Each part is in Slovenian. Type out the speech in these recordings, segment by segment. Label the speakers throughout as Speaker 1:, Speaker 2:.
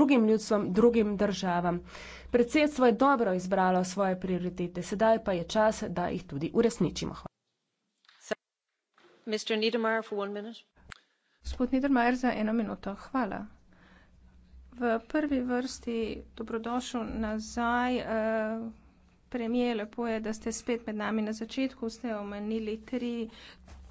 Speaker 1: drugim ljudstvom, drugim državam. Predsedstvo je dobro izbralo svoje prioritete, sedaj pa je čas, da jih tudi uresničimo. Hvala. Gospod Niedermayer, za eno minuto. Hvala.
Speaker 2: V prvi vrsti dobrodošel nazaj. Eh, Premije, lepo je, da ste spet med nami na začetku. Ste omenili tri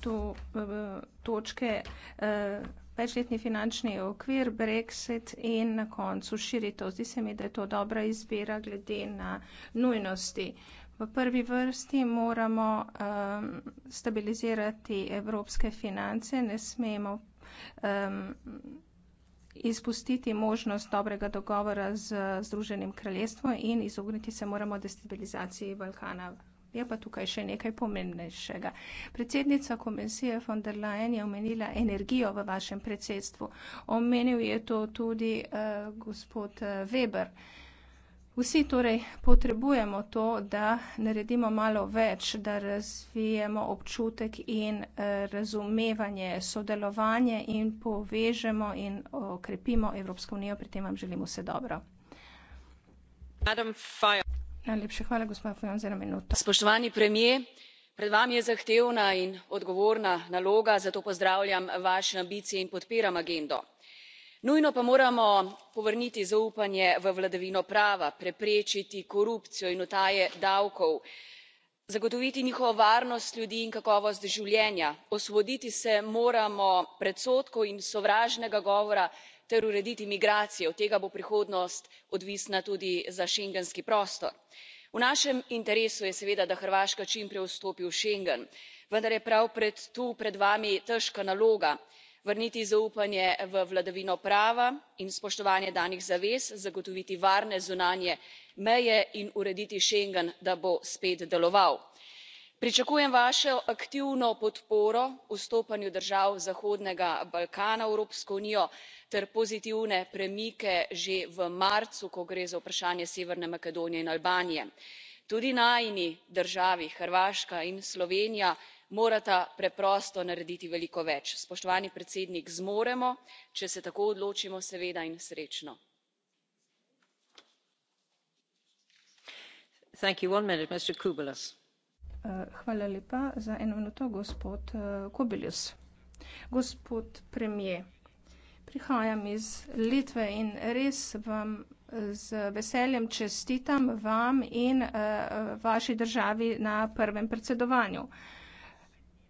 Speaker 2: to, eh, točke. Eh, večletni finančni okvir, brexit in na koncu širitev. Zdi se mi, da je to dobra izbira glede na nujnosti. V prvi vrsti moramo um, stabilizirati evropske finance, ne smemo um, izpustiti možnost dobrega dogovora z Združenim kraljestvom in izogniti se moramo destabilizaciji Balkana. Je pa tukaj še nekaj pomembnejšega. Predsednica komisije von der Leyen je omenila energijo v vašem predsedstvu. Omenil je to tudi uh, gospod eh, Weber. Vsi torej potrebujemo to, da naredimo malo več, da razvijemo občutek in uh, razumevanje, sodelovanje in povežemo in okrepimo Evropsko unijo. Pri tem vam želim vse dobro.
Speaker 3: Adam Fajon spoštovani premier pred vami je zahtevna in odgovorna naloga zato pozdravljam vaše ambicije in podpiram agendo. nujno pa moramo povrniti zaupanje v vladavino prava preprečiti korupcijo in utaje davkov zagotoviti njihovo varnost ljudi in kakovost življenja osvoboditi se moramo predsodkov in sovražnega govora ki ga poslušamo vsak dan ter urediti migracije od tega bo prihodnost odvisna tudi za schengenski prostor. v našem interesu je seveda da hrvaška čim prej vstopi v schengen vendar je prav tu pred vami težka naloga vrniti zaupanje v vladavino prava in spoštovanje danih zavez zagotoviti varne zunanje meje in urediti schengen da bo spet deloval pričakujem vašo aktivno podporo vstopanju držav zahodnega balkana v evropsko unijo ter pozitivne premike že v marcu ko gre za vprašanje severne makedonije in albanije. tudi najini državi hrvaška in slovenija morata preprosto narediti veliko več. spoštovani predsednik zmoremo če se tako odločimo seveda in srečno.
Speaker 2: Hvala lepa za eno minuto, gospod eh, Kobilius. Gospod premije, prihajam iz Litve in res vam z veseljem čestitam vam in eh, vaši državi na prvem predsedovanju.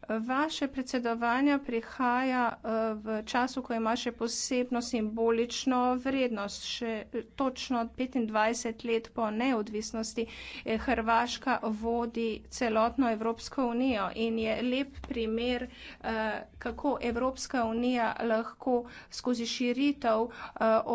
Speaker 2: Vaše predsedovanje prihaja eh, v času, ko ima še posebno simbolično vrednost. Še eh, točno 25 let po neodvisnosti eh, Hrvaška vodi celotno Evropsko unijo in je lep primer, kako Evropska unija lahko skozi širitev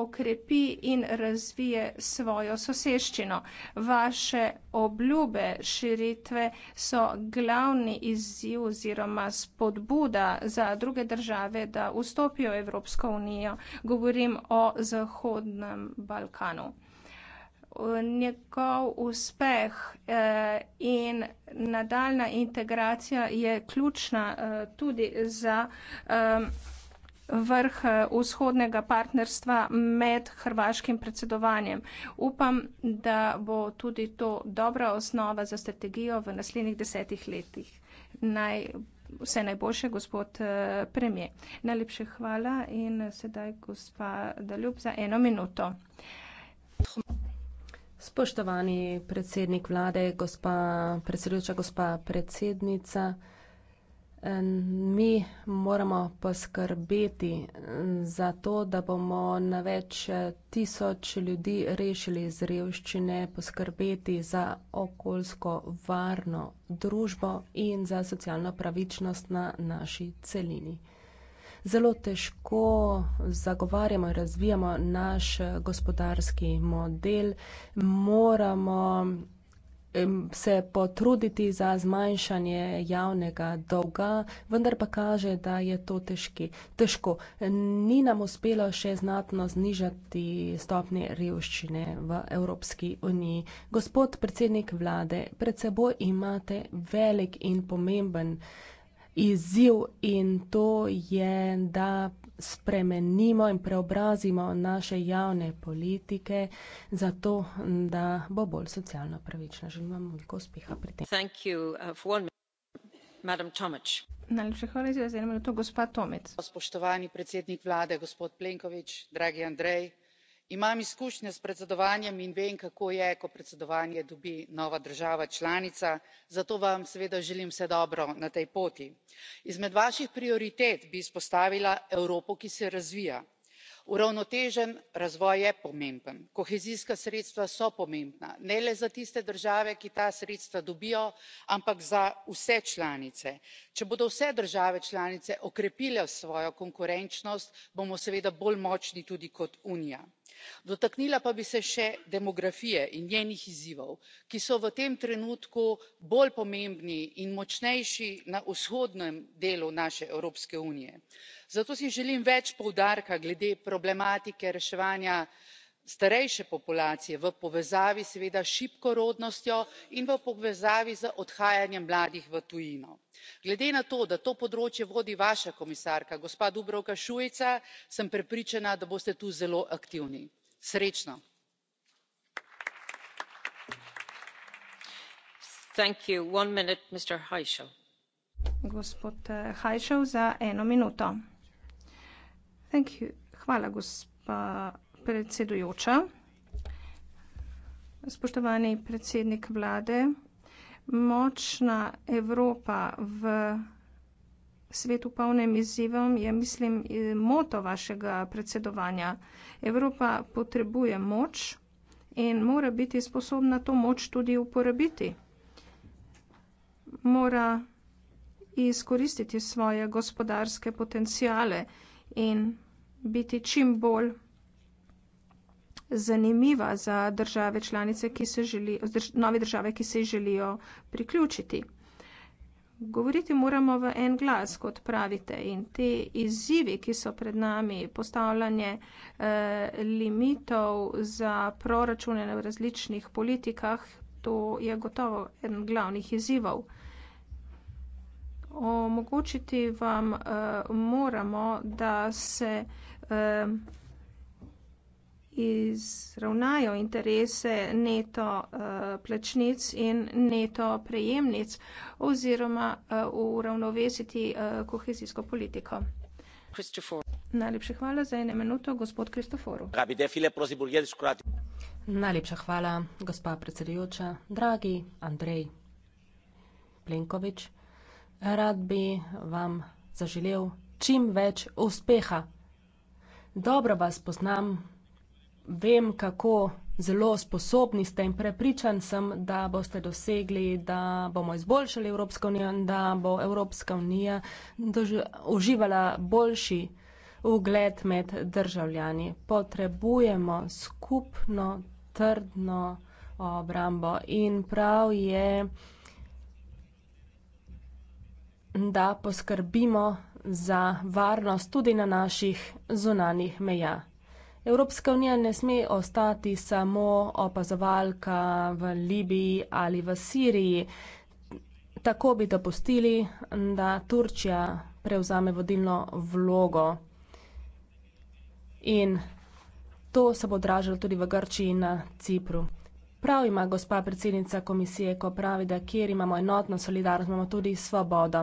Speaker 2: okrepi in razvije svojo soseščino. Vaše obljube širitve so glavni izziv oziroma oziroma spodbuda za druge države, da vstopijo v Evropsko unijo. Govorim o Zahodnem Balkanu. Njegov uspeh eh, in nadaljna integracija je ključna eh, tudi za eh, vrh eh, vzhodnega partnerstva med hrvaškim predsedovanjem. Upam, da bo tudi to dobra osnova za strategijo v naslednjih desetih letih naj, vse najboljše, gospod eh, premije. Najlepše hvala in sedaj gospa Daljub za eno minuto.
Speaker 1: Spoštovani predsednik vlade, gospa predsedujoča, gospa predsednica. Mi moramo poskrbeti za to, da bomo na več eh, tisoč ljudi rešili iz revščine, poskrbeti za okoljsko varno družbo in za socialno pravičnost na naši celini. Zelo težko zagovarjamo in razvijamo naš eh, gospodarski model. Moramo se potruditi za zmanjšanje javnega dolga, vendar pa kaže, da je to težki. težko. Ni nam uspelo še znatno znižati stopnje revščine v Evropski uniji. Gospod predsednik vlade, pred seboj imate velik in pomemben izziv in to je, da spremenimo in preobrazimo naše javne politike zato, da bo bolj socialno pravična. Želim vam veliko uspeha pri tem.
Speaker 2: Thank you, uh, for one... Madam Tomic.
Speaker 4: Najlepša hvala za zelo to gospa Tomec. Spoštovani predsednik vlade, gospod Plenković, dragi Andrej, imam izkušnje s predsedovanjem in vem kako je ko predsedovanje dobi nova država članica zato vam seveda želim vse dobro na tej poti. izmed vaših prioritet bi izpostavila evropo ki se razvija. uravnotežen razvoj je pomemben kohezijska sredstva so pomembna ne le za tiste države ki ta sredstva dobijo ampak za vse članice. če bodo vse države članice okrepile svojo konkurenčnost bomo seveda bolj močni tudi kot unija dotaknila pa bi se še demografije in njenih izzivov ki so v tem trenutku bolj pomembni in močnejši na vzhodnem delu naše evropske unije. zato si želim več poudarka glede problematike reševanja starejše populacije v povezavi seveda s šibko rodnostjo in v povezavi z odhajanjem mladih v tujino. glede na to da to področje vodi vaša komisarka gospa dubravka šuica sem prepričana da boste tu zelo aktivni. srečno
Speaker 2: predsedujoča. Spoštovani predsednik vlade, močna Evropa v svetu polnem izzivom je, mislim, moto vašega predsedovanja. Evropa potrebuje moč in mora biti sposobna to moč tudi uporabiti. Mora izkoristiti svoje gospodarske potencijale in biti čim bolj zanimiva za države članice, ki se želijo, nove države, ki se želijo priključiti. Govoriti moramo v en glas, kot pravite, in te izzivi, ki so pred nami, postavljanje eh, limitov za proračune v različnih politikah, to je gotovo en glavnih izzivov. Omogočiti vam eh, moramo, da se eh, izravnajo interese neto eh, plačnic in neto prejemnic oziroma eh, uravnovesiti eh, kohezijsko politiko.
Speaker 1: Najlepša hvala za eno minuto, gospod Kristoforu. Najlepša hvala, gospa predsedujoča. Dragi Andrej Plenkovič, rad bi vam zaželel čim več uspeha. Dobro vas poznam, vem, kako zelo sposobni ste in prepričan sem, da boste dosegli, da bomo izboljšali Evropsko unijo in da bo Evropska unija uživala boljši ugled med državljani. Potrebujemo skupno, trdno obrambo in prav je, da poskrbimo za varnost tudi na naših zunanih mejah. Evropska unija ne sme ostati samo opazovalka v Libiji ali v Siriji. Tako bi dopustili, da Turčija prevzame vodilno vlogo. In to se bo odražalo tudi v Grčiji in na Cipru. Prav ima gospa predsednica komisije, ko pravi, da kjer imamo enotno solidarnost, imamo tudi svobodo.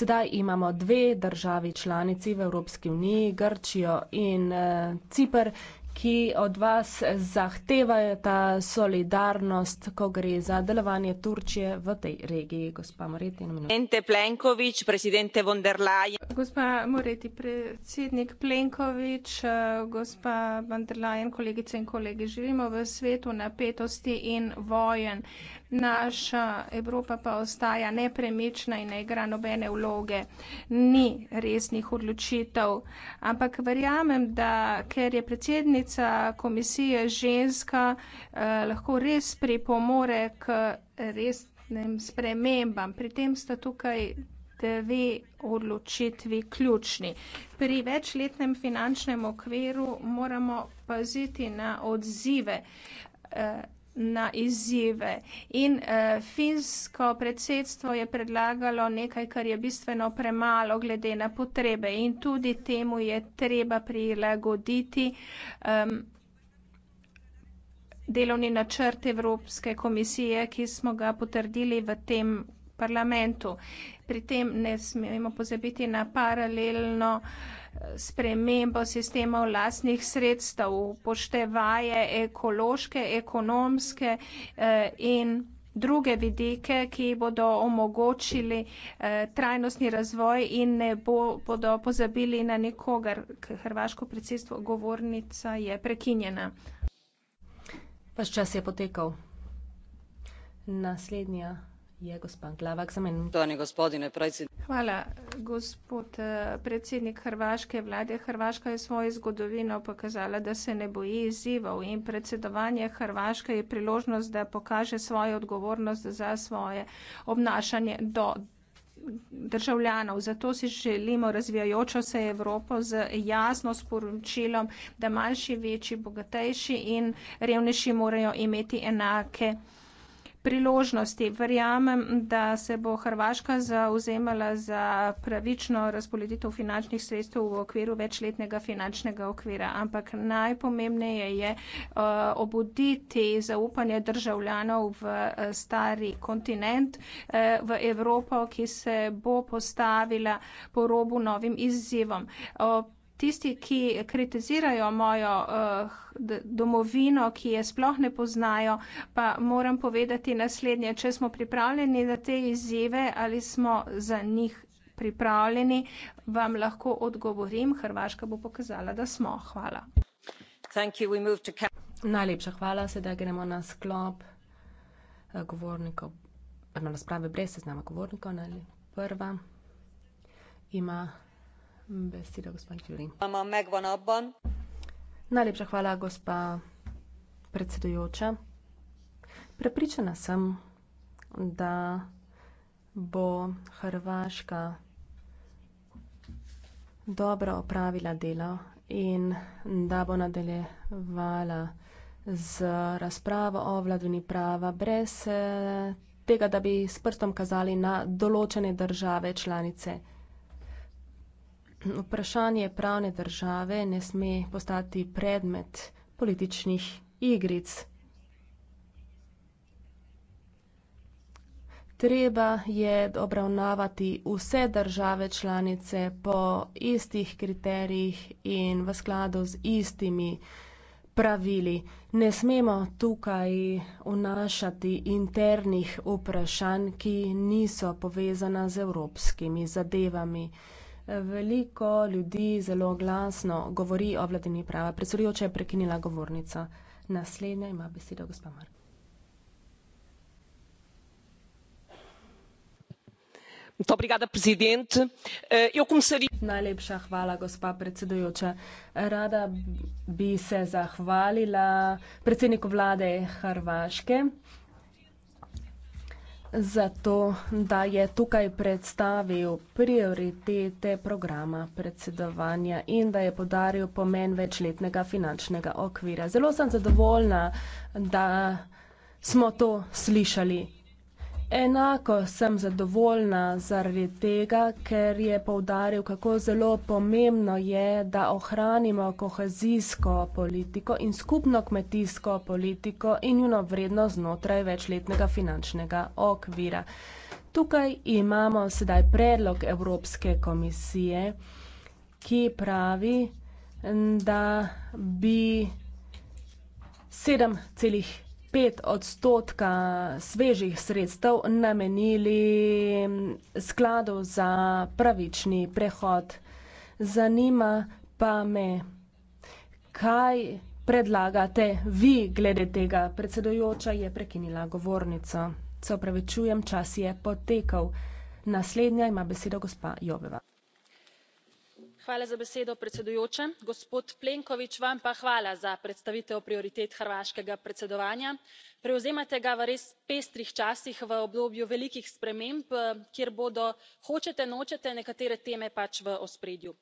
Speaker 1: Sedaj imamo dve državi članici v Evropski uniji, Grčijo in e, eh, Cipr, ki od vas zahtevajo ta solidarnost, ko gre za delovanje Turčije v tej regiji, gospa Moreti. Presidente Plenković, presidente von der
Speaker 2: Leyen. Gospa Moreti, predsednik Plenković, eh, gospa von der Leyen, kolegice in kolegi, živimo v svetu napetosti in vojen naša Evropa pa ostaja nepremična in ne igra nobene vloge, ni resnih odločitev. Ampak verjamem, da ker je predsednica komisije ženska, eh, lahko res pripomore k resnim spremembam. Pri tem sta tukaj dve odločitvi ključni. Pri večletnem finančnem okviru moramo paziti na odzive. Eh, na izzive. In uh, finsko predsedstvo je predlagalo nekaj, kar je bistveno premalo glede na potrebe in tudi temu je treba prilagoditi um, delovni načrt Evropske komisije, ki smo ga potrdili v tem parlamentu. Pri tem ne smemo pozabiti na paralelno uh, spremembo sistemov lastnih sredstev, upoštevaje ekološke, ekonomske eh, in druge vidike, ki bodo omogočili eh, trajnostni razvoj in ne bodo pozabili na nikogar. Hrvaško predsedstvo, govornica je prekinjena.
Speaker 1: Vaš čas je potekel. Naslednja gospod, eh, predsednik
Speaker 2: hrvaške vlade. Hrvaška je svojo zgodovino pokazala, da se ne boji izzivov in predsedovanje Hrvaške je priložnost, da pokaže svojo odgovornost za svoje obnašanje do državljanov. Zato si želimo razvijajočo se Evropo z jasno sporočilom, da manjši, večji, bogatejši in revnejši morajo imeti enake možnosti priložnosti. Verjamem, da se bo Hrvaška zauzemala za pravično razpoloditev finančnih sredstev v okviru večletnega finančnega okvira, ampak najpomembneje je uh, obuditi zaupanje državljanov v uh, stari kontinent, uh, v Evropo, ki se bo postavila po robu novim izzivom. Uh, tisti, ki kritizirajo mojo uh, domovino, ki je sploh ne poznajo, pa moram povedati naslednje, če smo pripravljeni na te izzive ali smo za njih pripravljeni, vam lahko
Speaker 1: odgovorim. Hrvaška bo pokazala, da smo. Hvala. Najlepša hvala. Sedaj gremo na sklop eh, govornikov, na razprave brez seznama govornikov. Prva ima besedo gospa Đuri.
Speaker 5: Ima megvan abban.
Speaker 1: Najlepša hvala, gospa predsedujoča. Prepričana sem, da bo Hrvaška dobro opravila delo in da bo nadaljevala z razpravo o vladini prava brez eh, tega, da bi s prstom kazali na določene države članice vprašanje pravne države ne sme postati predmet političnih igric. Treba je obravnavati vse države članice po istih kriterijih in v skladu z istimi pravili. Ne smemo tukaj vnašati internih vprašanj, ki niso povezana z evropskimi zadevami. Veliko ljudi zelo glasno govori o vladini prava. Predsedujoča je prekinila govornica. Naslednja ima besedo gospa Mark. Eh, Najlepša hvala, gospa predsedujoča. Rada bi se zahvalila predsedniku vlade Hrvaške zato, da je tukaj predstavil prioritete programa predsedovanja in da je podaril pomen večletnega finančnega okvira. Zelo sem zadovoljna, da smo to slišali Enako sem zadovoljna zaradi tega, ker je povdaril, kako zelo pomembno je, da ohranimo kohezijsko politiko in skupno kmetijsko politiko in njeno vrednost znotraj večletnega finančnega okvira. Tukaj imamo sedaj predlog Evropske komisije, ki pravi, da bi 7,5 5 odstotka svežih sredstev namenili skladu za pravični prehod. Zanima pa me, kaj predlagate vi glede tega? Predsedujoča je prekinila govornico. Se opravičujem, čas je potekal. Naslednja ima besedo gospa Joveva
Speaker 6: predsedujoča gospod plenković vam pa hvala za predstavitev prioritet hrvaškega predsedovanja prevzemate ga v res pestrih časih v obdobju velikih sprememb eh, kjer bodo hočete nočete nekatere teme pač v ospredju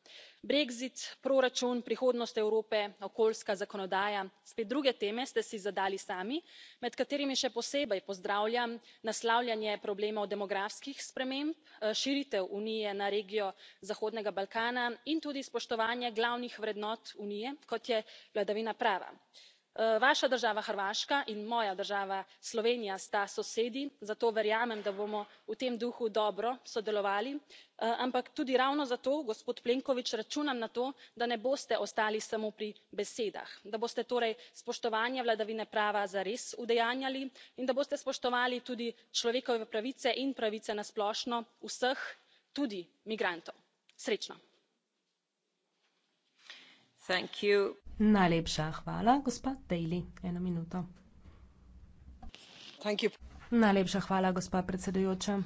Speaker 6: brexit proračun prihodnost evrope okoljska zakonodaja spet druge teme ste si zadali sami med katerimi še posebej pozdravljam naslavljanje problemov demografskih sprememb eh, širitev unije na regijo zahodnega balkana in tudi spoštovanje glavnih vrednot unije kot je vladavina prava. Eh, vaša država hrvaška in moja država slovenija sta sosedi zato verjamem da bomo v tem duhu dobro sodelovali eh, ampak tudi ravno zato gospod plenković računam na to da ne boste ostali samo pri besedah da boste torej spoštovanje vladavine prava zares udejanjali in da boste spoštovali tudi človekove pravice in pravice na splošno vseh tudi migrantov. srečno.
Speaker 1: Najlepša hvala, gospa Daly. Eno minuto. Najlepša hvala, gospa predsedujoča.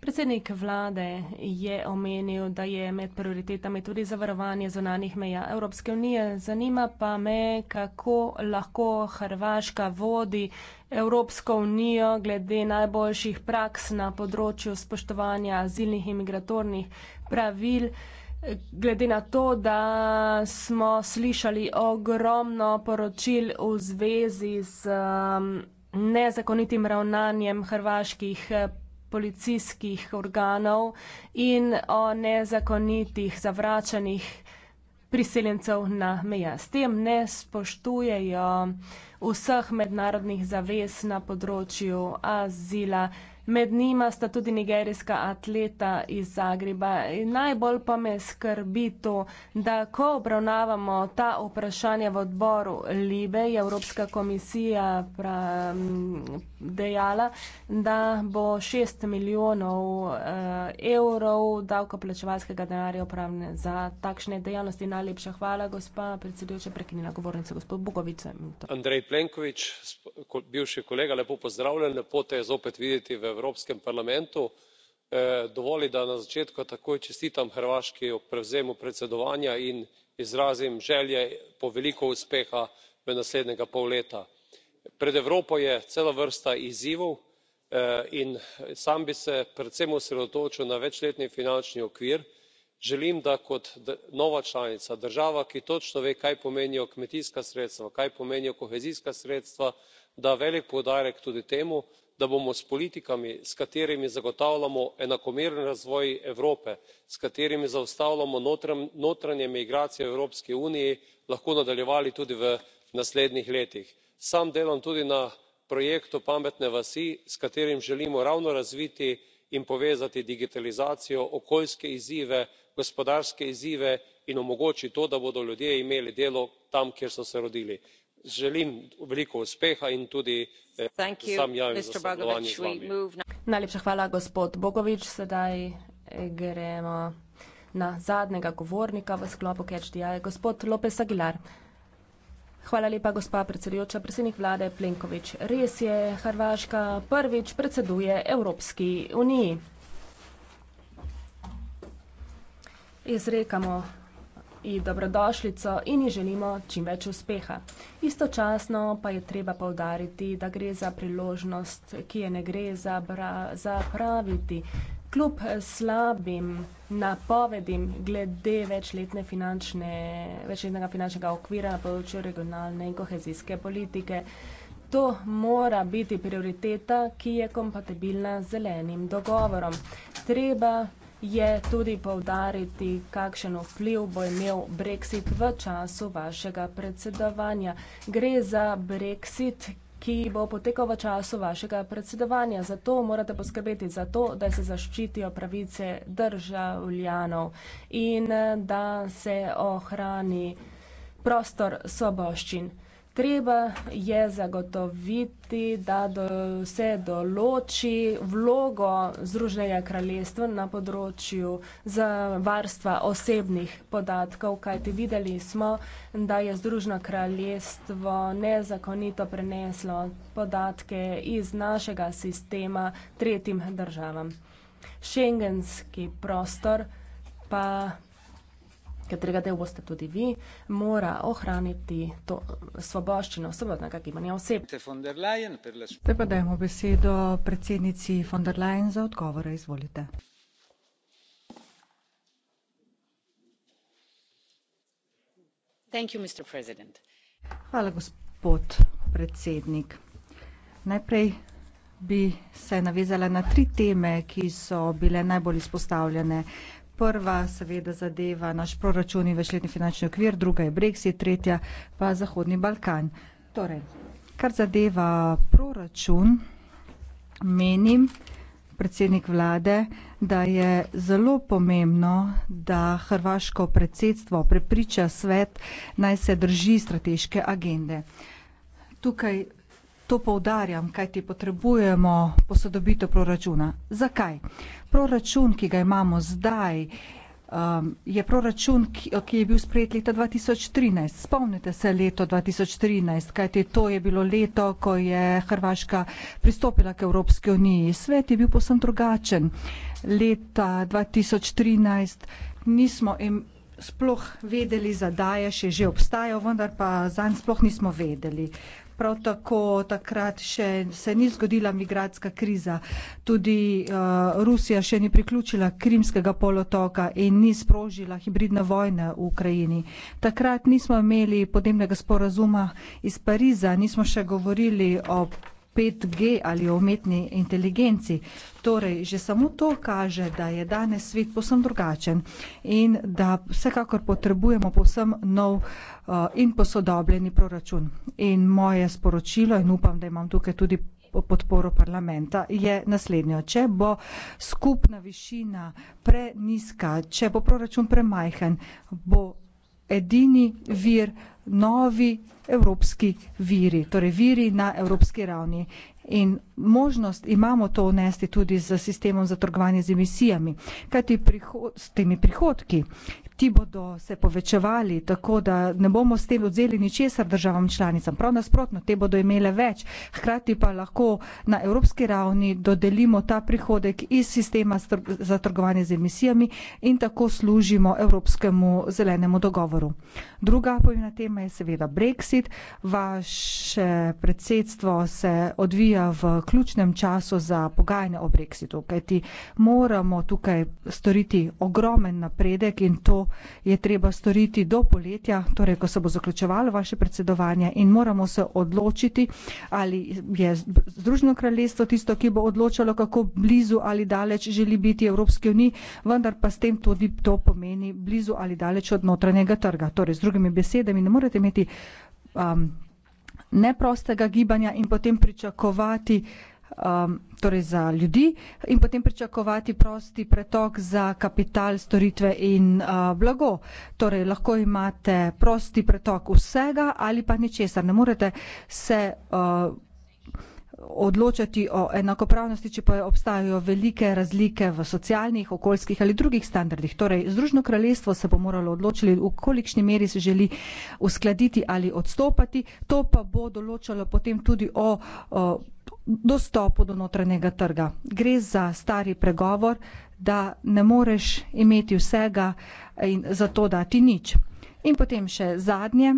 Speaker 1: Predsednik vlade je omenil, da je med prioritetami tudi zavarovanje zunanih meja Evropske unije. Zanima pa me, kako lahko Hrvaška vodi Evropsko unijo glede najboljših praks na področju spoštovanja azilnih in migratornih pravil glede na to, da smo slišali ogromno poročil v zvezi z um, nezakonitim ravnanjem hrvaških eh, policijskih organov in o nezakonitih zavračanih priseljencev na meja. S tem ne spoštujejo vseh mednarodnih zavez na področju azila. Med njima sta tudi nigerijska atleta iz Zagreba. In najbolj pa me skrbi to, da ko obravnavamo ta vprašanja v odboru Libe, je Evropska komisija pra, dejala, da bo 6 milijonov eh, evrov davkoplačevalskega denarja upravljene za takšne dejavnosti. Najlepša hvala, gospa predsedujoča, prekinila govornica, gospod Bukovic.
Speaker 7: Andrej Plenković, bivši kolega, lepo pozdravljen, lepo te je zopet videti v Evropskem parlamentu. Eh, dovoli, da na začetku takoj čestitam Hrvaški o prevzemu predsedovanja in izrazim želje po veliko uspeha v naslednjega pol leta pred evropo je cela vrsta izzivov eh, in sam bi se predvsem osredotočil na večletni finančni okvir. želim da kot nova članica država ki točno ve kaj pomenijo kmetijska sredstva kaj pomenijo kohezijska sredstva da velik poudarek tudi temu da bomo s politikami s katerimi zagotavljamo enakomeren razvoj evrope s katerimi zaustavljamo notranje migracije v evropski uniji lahko nadaljevali tudi v naslednjih letih sam delam tudi na projektu pametne vasi s katerim želimo ravno razviti in povezati digitalizacijo okoljske izzive gospodarske izzive in omogočiti to da bodo ljudje imeli delo tam kjer so se rodili. želim veliko uspeha in tudi eh, sam javim za sodelovanje z
Speaker 1: vami. Hvala lepa, gospa predsedujoča. Predsednik vlade Plenković, res je, Hrvaška prvič predseduje Evropski uniji. Izrekamo ji dobrodošlico in ji želimo čim več uspeha. Istočasno pa je treba poudariti, da gre za priložnost, ki je ne gre zapraviti. Kljub eh, slabim napovedim glede večletne finančne, večletnega finančnega okvira na področju regionalne in kohezijske politike, to mora biti prioriteta, ki je kompatibilna z zelenim dogovorom. Treba je tudi povdariti, kakšen vpliv bo imel Brexit v času vašega predsedovanja. Gre za Brexit, ki bo potekal v času vašega predsedovanja. Zato morate poskrbeti za to, da se zaščitijo pravice državljanov in eh, da se ohrani prostor soboščin. Treba je zagotoviti, da do, se določi vlogo Združenega kraljestva na področju za varstva osebnih podatkov, kajti videli smo, da je Združeno kraljestvo nezakonito preneslo podatke iz našega sistema tretjim državam. Šengenski prostor pa katerega del boste tudi vi, mora ohraniti to svoboščino svobodnega gibanja oseb.
Speaker 7: Zdaj pa
Speaker 1: dajmo besedo predsednici von der Leyen
Speaker 5: za odgovore, izvolite. Hvala, gospod predsednik. Najprej bi se navezala na tri teme, ki so bile najbolj izpostavljene prva seveda zadeva naš proračun in večletni finančni okvir, druga je Brexit, tretja pa Zahodni Balkan. Torej, kar zadeva proračun, menim, predsednik vlade, da je zelo pomembno, da hrvaško predsedstvo prepriča svet, naj se drži strateške agende. Tukaj To povdarjam, kaj ti potrebujemo posodobitev proračuna. Zakaj? Proračun, ki ga imamo zdaj, um, je proračun, ki je bil sprejet leta 2013. Spomnite se leto 2013, kajte to je bilo leto, ko je Hrvaška pristopila k Evropski uniji. Svet je bil posem drugačen. Leta 2013 nismo im sploh vedeli za daje, še že obstajajo, vendar pa zanj sploh nismo vedeli prav tako takrat še se ni zgodila migracijska kriza. Tudi uh, Rusija še ni priključila Krimskega polotoka in ni sprožila hibridne vojne v Ukrajini. Takrat nismo imeli podnebnega sporazuma iz Pariza, nismo še govorili o 5G ali o umetni inteligenci. Torej, že samo to kaže, da je danes svet posem drugačen in da vsekakor potrebujemo posem nov uh, in posodobljeni proračun. In moje sporočilo, in upam, da imam tukaj tudi podporo parlamenta je naslednjo. Če bo skupna višina preniska, če bo proračun premajhen, bo edini vir novi evropski viri, torej viri na evropski ravni. In možnost imamo to vnesti tudi z sistemom za trgovanje z emisijami, kajti prihod, s temi prihodki, ti bodo se povečevali, tako da ne bomo s tem odzeli ničesar državam članicam. Prav nasprotno, te bodo imele več. Hkrati pa lahko na evropski ravni dodelimo ta prihodek iz sistema za trgovanje z emisijami in tako služimo evropskemu zelenemu dogovoru. Druga pomembna tema je seveda Brexit. Vaše predsedstvo se odvija v ključnem času za pogajanje o Brexitu, kajti moramo tukaj storiti ogromen napredek in to je treba storiti do poletja, torej ko se bo zaključevalo vaše predsedovanje in moramo se odločiti, ali je Združeno kraljestvo tisto, ki bo odločalo, kako blizu ali daleč želi biti Evropski uniji, vendar pa s tem tudi to pomeni blizu ali daleč od notranjega trga. Torej, z drugimi besedami, ne morete imeti um, neprostega gibanja in potem pričakovati, um, torej za ljudi in potem pričakovati prosti pretok za kapital, storitve in uh, blago. Torej lahko imate prosti pretok vsega ali pa ničesar. Ne morete se uh, odločati o enakopravnosti, če pa obstajajo velike razlike v socialnih, okoljskih ali drugih standardih. Torej, Združno kraljestvo se bo moralo odločiti, v kolikšni meri se želi uskladiti ali odstopati. To pa bo določalo potem tudi o, o dostopu do notranjega trga. Gre za stari pregovor, da ne moreš imeti vsega eh, in zato dati nič. In potem še zadnje,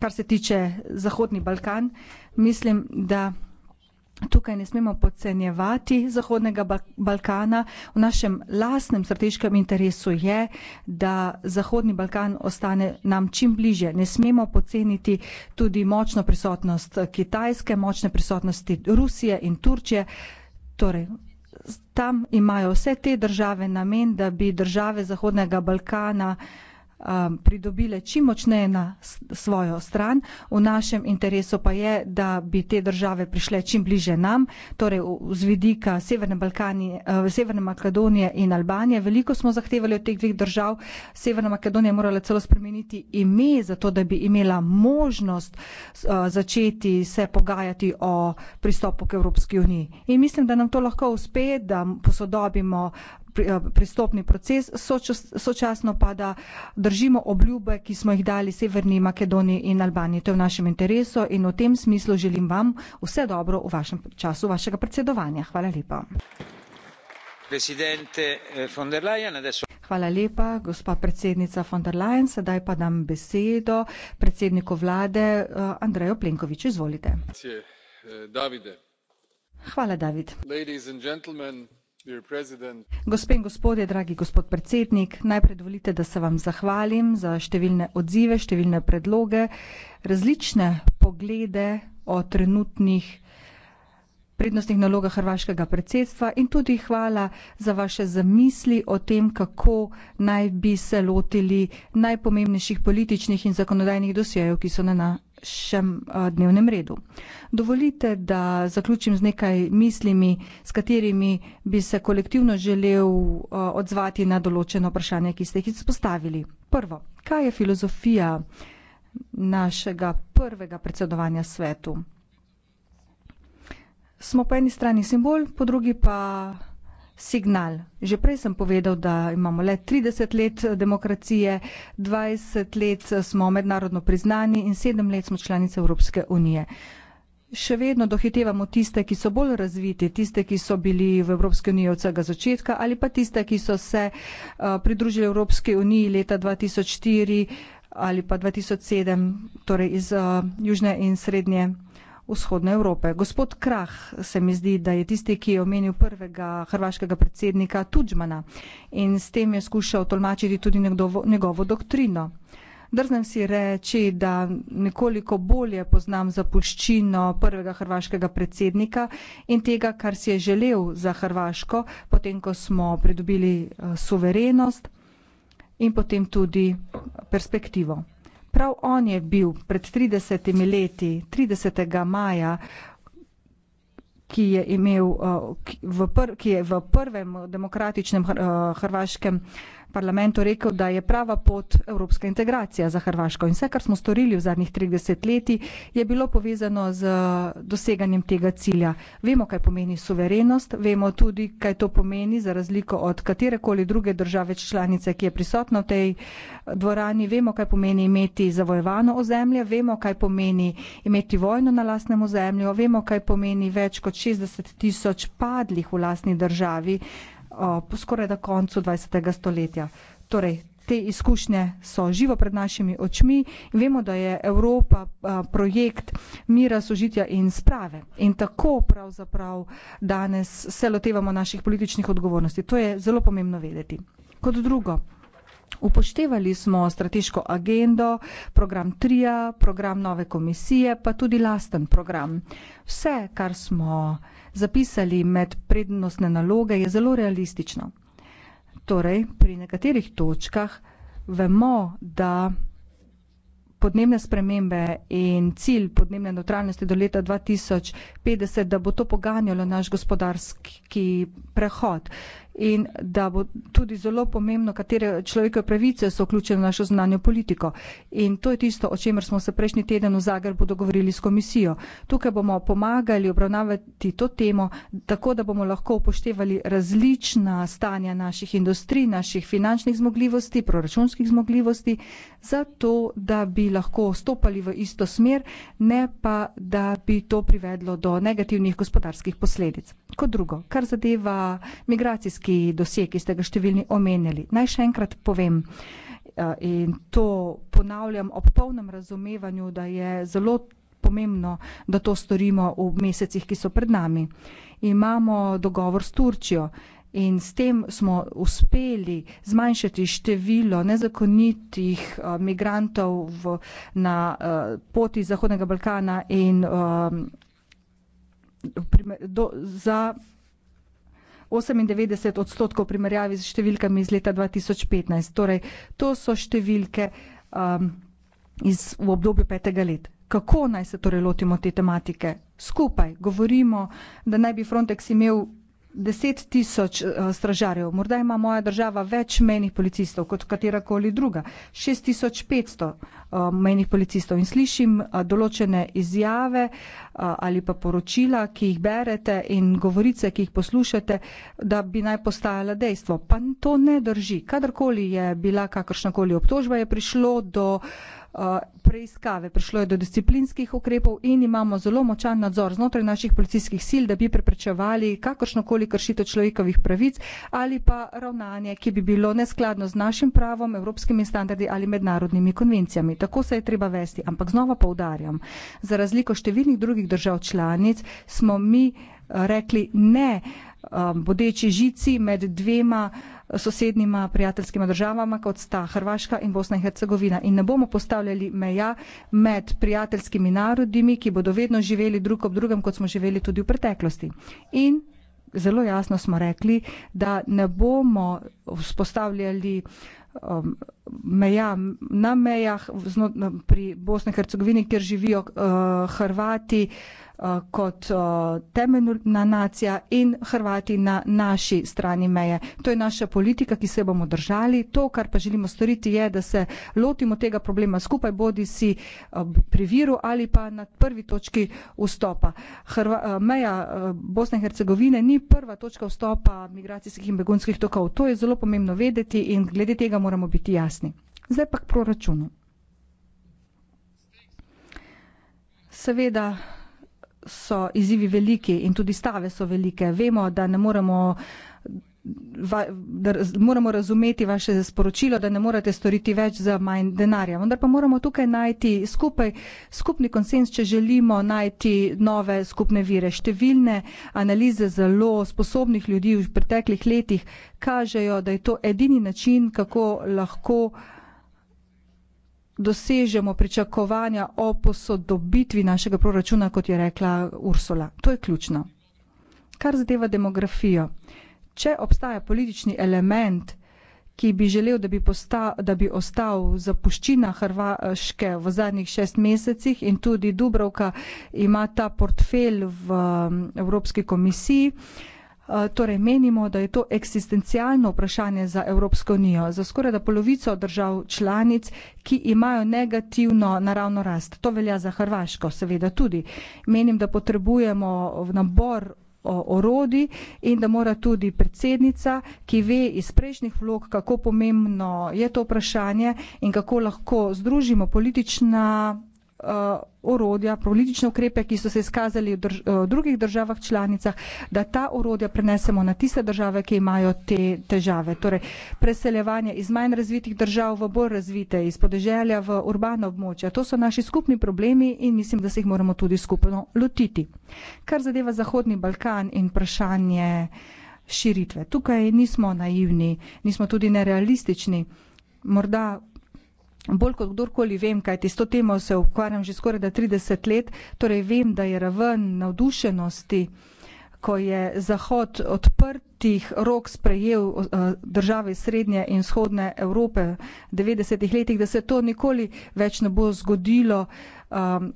Speaker 5: kar se tiče Zahodni Balkan, mislim, da tukaj ne smemo podcenjevati Zahodnega Balkana. V našem lastnem strateškem interesu je, da Zahodni Balkan ostane nam čim bliže. Ne smemo podceniti tudi močno prisotnost Kitajske, močne prisotnosti Rusije in Turčije. Torej, tam imajo vse te države namen, da bi države Zahodnega Balkana Um, pridobile čim močneje na svojo stran. V našem interesu pa je, da bi te države prišle čim bliže nam, torej z vidika Severne, Balkani, eh, Severne Makedonije in Albanije. Veliko smo zahtevali od teh dveh držav. Severna Makedonija je morala celo spremeniti ime, zato da bi imela možnost eh, začeti se pogajati o pristopu k Evropski uniji. In mislim, da nam to lahko uspe, da posodobimo Eh, pristopni proces, sočasno pa da držimo obljube, ki smo jih dali Severni Makedoniji in Albaniji. To je v našem interesu in v tem smislu želim vam vse dobro v vašem času vašega predsedovanja. Hvala lepa.
Speaker 7: Eh,
Speaker 5: Hvala lepa, gospa predsednica von der Leyen. Sedaj pa dam besedo predsedniku vlade eh, Andreju Plenkoviču. Izvolite. Hvala, David.
Speaker 7: Ladies and gentlemen,
Speaker 5: Gospe in gospodje, dragi gospod predsednik, najprej dovolite, da se vam zahvalim za številne odzive, številne predloge, različne poglede o trenutnih prednostnih nalogah hrvaškega predsedstva in tudi hvala za vaše zamisli o tem, kako naj bi se lotili najpomembnejših političnih in zakonodajnih dosjejev, ki so na, na našem dnevnem redu. Dovolite, da zaključim z nekaj mislimi, s katerimi bi se kolektivno želel odzvati na določeno vprašanje, ki ste jih izpostavili. Prvo, kaj je filozofija našega prvega predsedovanja svetu? Smo po eni strani simbol, po drugi pa signal. Že prej sem povedal, da imamo le 30 let eh, demokracije, 20 let eh, smo mednarodno priznani in 7 let smo članice Evropske unije. Še vedno dohitevamo tiste, ki so bolj razviti, tiste, ki so bili v Evropski uniji od vsega začetka ali pa tiste, ki so se uh, pridružili Evropski uniji leta 2004 ali pa 2007, torej iz uh, Južne in Srednje vzhodne Evrope. Gospod Krah se mi zdi, da je tisti, ki je omenil prvega hrvaškega predsednika Tudžmana in s tem je skušal tolmačiti tudi nekdovo, njegovo doktrino. Drznem si reči, da nekoliko bolje poznam zapuščino prvega hrvaškega predsednika in tega, kar si je želel za Hrvaško, potem ko smo pridobili eh, suverenost in potem tudi perspektivo prav on je bil pred 30 leti, 30. maja, ki je imel, eh, ki, v, pr, ki je v prvem demokratičnem eh, hrvaškem parlamentu rekel, da je prava pot evropska integracija za Hrvaško. In vse, kar smo storili v zadnjih 30 letih, je bilo povezano z eh, doseganjem tega cilja. Vemo, kaj pomeni suverenost, vemo tudi, kaj to pomeni za razliko od katerekoli druge države članice, ki je prisotna v tej eh, dvorani, vemo, kaj pomeni imeti zavojevano ozemlje, vemo, kaj pomeni imeti vojno na lastnem ozemlju, vemo, kaj pomeni več kot 60 tisoč padlih v lastni državi po skoraj da koncu 20. stoletja. Torej, te izkušnje so živo pred našimi očmi in vemo, da je Evropa projekt mira, sožitja in sprave. In tako pravzaprav danes se lotevamo naših političnih odgovornosti. To je zelo pomembno vedeti. Kot drugo, upoštevali smo strateško agendo, program TRIA, program nove komisije, pa tudi lasten program. Vse, kar smo zapisali med prednostne naloge, je zelo realistično. Torej, pri nekaterih točkah vemo, da podnebne spremembe in cilj podnebne neutralnosti do leta 2050, da bo to poganjalo naš gospodarski prehod in da bo tudi zelo pomembno, katere človekove pravice so vključene v našo znanjo politiko. In to je tisto, o čemer smo se prejšnji teden v Zagrebu dogovorili s komisijo. Tukaj bomo pomagali obravnavati to temo, tako da bomo lahko upoštevali različna stanja naših industrij, naših finančnih zmogljivosti, proračunskih zmogljivosti, zato da bi lahko stopali v isto smer, ne pa da bi to privedlo do negativnih gospodarskih posledic. Kot drugo, kar zadeva migracijske evropski dosje, ki ste ga številni omenjali. Naj še enkrat povem eh, in to ponavljam ob polnem razumevanju, da je zelo pomembno, da to storimo v mesecih, ki so pred nami. Imamo dogovor s Turčijo. In s tem smo uspeli zmanjšati število nezakonitih eh, migrantov v, na uh, poti Zahodnega Balkana in uh, do, za 98 odstotkov primerjavi z številkami iz leta 2015. Torej, to so številke um, iz, v obdobju petega let. Kako naj se torej lotimo te tematike? Skupaj govorimo, da naj bi Frontex imel deset tisoč eh, stražarjev. Morda ima moja država več menih policistov kot katerakoli druga. Šest tisoč petsto eh, menih policistov. In slišim eh, določene izjave ali pa poročila, ki jih berete in govorice, ki jih poslušate, da bi naj postajala dejstvo. Pa to ne drži. Kadarkoli je bila kakršnakoli obtožba, je prišlo do Eh, preiskave, prišlo je do disciplinskih ukrepov in imamo zelo močan nadzor znotraj naših policijskih sil, da bi preprečevali kakršnokoli kršitev človekovih pravic ali pa ravnanje, ki bi bilo neskladno z našim pravom, evropskimi standardi ali mednarodnimi konvencijami. Tako se je treba vesti. Ampak znova poudarjam, za razliko številnih drugih držav članic smo mi eh, rekli ne um, bodeči žici med dvema sosednjima prijateljskima državama, kot sta Hrvaška in Bosna in Hercegovina. In ne bomo postavljali meja med prijateljskimi narodimi, ki bodo vedno živeli drug ob drugem, kot smo živeli tudi v preteklosti. In zelo jasno smo rekli, da ne bomo vzpostavljali um, meja na mejah pri Bosni in Hercegovini, kjer živijo uh, Hrvati uh, Eh, kot eh, temeljna nacija in Hrvati na naši strani meje. To je naša politika, ki se bomo držali. To, kar pa želimo storiti, je, da se lotimo tega problema skupaj, bodi si eh, pri viru ali pa na prvi točki vstopa. Hrva, meja Bosne in Hercegovine ni prva točka vstopa migracijskih in begunskih tokov. To je zelo pomembno vedeti in glede tega moramo biti jasni. Zdaj pa k proračunu. Seveda, so izzivi veliki in tudi stave so velike. Vemo, da ne moramo. Va, da raz, moramo razumeti vaše sporočilo, da ne morete storiti več za manj denarja. Vendar pa moramo tukaj najti skupaj skupni konsens, če želimo najti nove skupne vire. Številne analize zelo sposobnih ljudi v preteklih letih kažejo, da je to edini način, kako lahko uh, dosežemo pričakovanja o posodobitvi našega proračuna, kot je rekla Ursula. To je ključno. Kar zadeva demografijo. Če obstaja politični element, ki bi želel, da bi, posta, da bi ostal zapuščina Hrvaške v zadnjih šest mesecih in tudi Dubrovka ima ta portfelj v Evropski komisiji, uh, Eh, torej menimo, da je to eksistencialno vprašanje za Evropsko unijo, za skoraj da polovico držav članic, ki imajo negativno naravno rast. To velja za Hrvaško, seveda tudi. Menim, da potrebujemo nabor orodi in da mora tudi predsednica, ki ve iz prejšnjih vlog, kako pomembno je to vprašanje in kako lahko združimo politična uh, orodja, politične ukrepe, ki so se izkazali v, drž, eh, v drugih državah članicah, da ta orodja prenesemo na tiste države, ki imajo te težave. Torej, preseljevanje iz manj razvitih držav v bolj razvite, iz podeželja v urbano območje. To so naši skupni problemi in mislim, da se jih moramo tudi skupno lotiti. Kar zadeva Zahodni Balkan in vprašanje širitve. Tukaj nismo naivni, nismo tudi nerealistični. Morda bolj kot kdorkoli vem, kajti s to temo se ukvarjam že skoraj da 30 let, torej vem, da je raven navdušenosti, ko je Zahod odprtih rok sprejel države Srednje in Vzhodne Evrope v 90-ih letih, da se to nikoli več ne bo zgodilo. Um,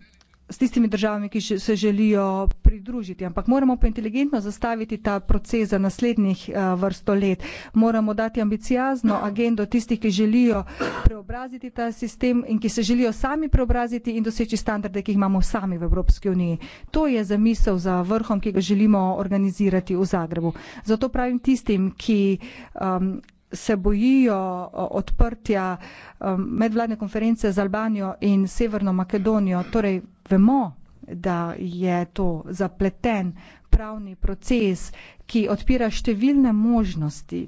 Speaker 5: s tistimi državami, ki se želijo pridružiti. Ampak moramo pa inteligentno zastaviti ta proces za naslednjih eh, vrsto let. Moramo dati ambicijazno agendo tistih, ki želijo preobraziti ta sistem in ki se želijo sami preobraziti in doseči standarde, ki jih imamo sami v Evropski uniji. To je zamisel za vrhom, ki ga želimo organizirati v Zagrebu. Zato pravim tistim, ki. Um, se bojijo odprtja um, medvladne konference z Albanijo in Severno Makedonijo. Torej, vemo, da je to zapleten pravni proces, ki odpira številne možnosti.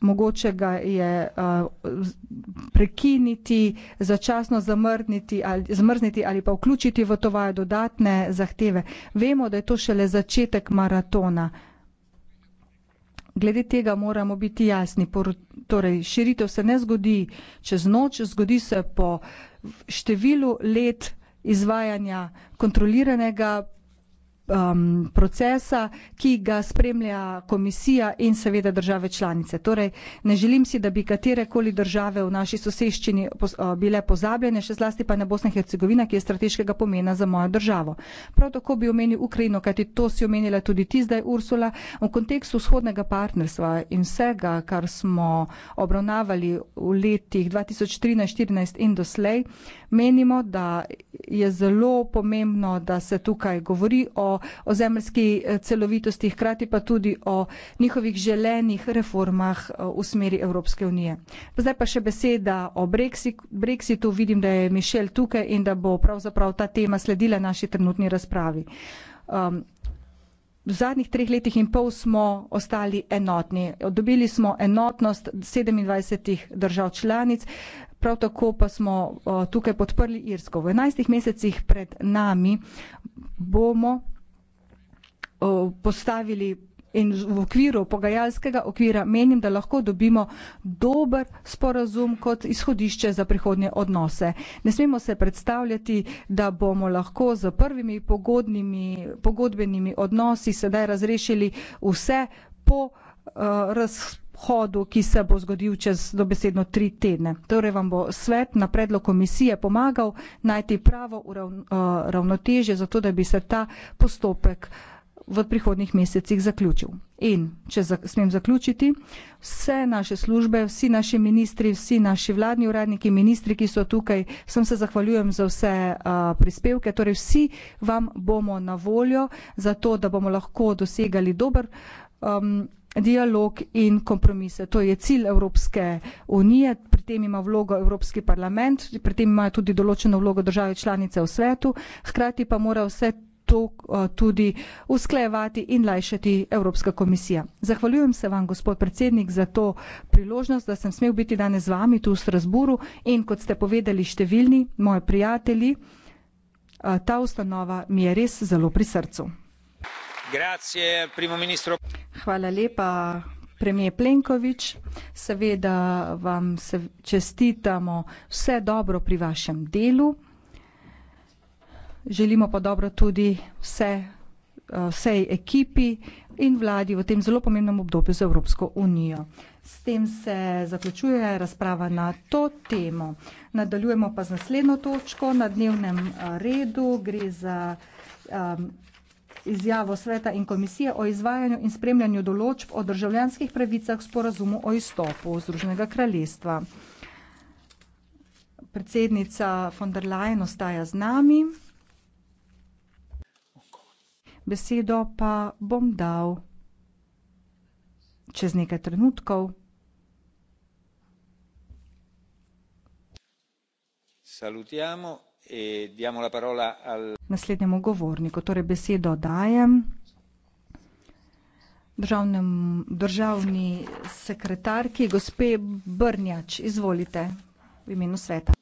Speaker 5: Mogoče ga je uh, prekiniti, začasno zamrniti ali, zmrzniti ali pa vključiti v tovaje dodatne zahteve. Vemo, da je to šele začetek maratona. Uh, glede tega moramo biti jasni. Por, torej, širitev se ne zgodi čez noč, zgodi se po številu let izvajanja kontroliranega um, procesa, ki ga spremlja komisija in seveda države članice. Torej, ne želim si, da bi katerekoli države v naši soseščini uh, bile pozabljene, še zlasti pa ne Bosna in Hercegovina, ki je strateškega pomena za mojo državo. Prav tako bi omenil Ukrajino, kajti to si omenila tudi ti zdaj, Ursula, v kontekstu vzhodnega partnerstva in vsega, kar smo obravnavali v letih 2013-2014 in doslej, menimo, da je zelo pomembno, da se tukaj govori o o zemljski eh, celovitosti, hkrati pa tudi o njihovih želenih reformah eh, v smeri Evropske unije. Zdaj pa še beseda o Brexitu. Vidim, da je Mišel tukaj in da bo pravzaprav ta tema sledila naši trenutni razpravi. Um, V zadnjih treh letih in pol smo ostali enotni. Dobili smo enotnost 27 držav članic, prav tako pa smo eh, tukaj podprli Irsko. V enajstih mesecih pred nami bomo postavili in v okviru pogajalskega okvira menim, da lahko dobimo dober sporazum kot izhodišče za prihodnje odnose. Ne smemo se predstavljati, da bomo lahko z prvimi pogodbenimi odnosi sedaj razrešili vse po eh, razhodu, ki se bo zgodil čez dobesedno tri tedne. Torej vam bo svet na predlog komisije pomagal najti pravo eh, ravnotežje, zato da bi se ta postopek vzal v prihodnih mesecih zaključil. In, če smem zaključiti, vse naše službe, vsi naši ministri, vsi naši vladni uradniki, ministri, ki so tukaj, sem se zahvaljujem za vse uh, prispevke, torej vsi vam bomo na voljo za to, da bomo lahko dosegali dober um, dialog in kompromise. To je cilj Evropske unije, pri tem ima vlogo Evropski parlament, pri tem imajo tudi določeno vlogo države članice v svetu, hkrati pa mora vse to eh, tudi usklajevati in lajšati Evropska komisija. Zahvaljujem se vam, gospod predsednik, za to priložnost, da sem smel biti danes z vami tu v Strasburu in kot ste povedali številni moji prijatelji, eh, ta ustanova mi je res zelo pri srcu.
Speaker 7: Grazie,
Speaker 5: Hvala lepa, premije Plenkovič. Seveda vam se čestitamo vse dobro pri vašem delu želimo pa dobro tudi vse, eh, vsej ekipi in vladi v tem zelo pomembnem obdobju za Evropsko unijo. S tem se zaključuje razprava na to temo. Nadaljujemo pa z naslednjo točko na dnevnem eh, redu. Gre za um, izjavo sveta in komisije o izvajanju in spremljanju določb o državljanskih pravicah v sporazumu o izstopu Združenega kraljestva. Predsednica von der Leyen ostaja z nami besedo pa bom dal čez nekaj trenutkov. E Naslednjemu govorniku, torej besedo dajem državnem, državni sekretarki, gospe Brnjac, izvolite v imenu sveta.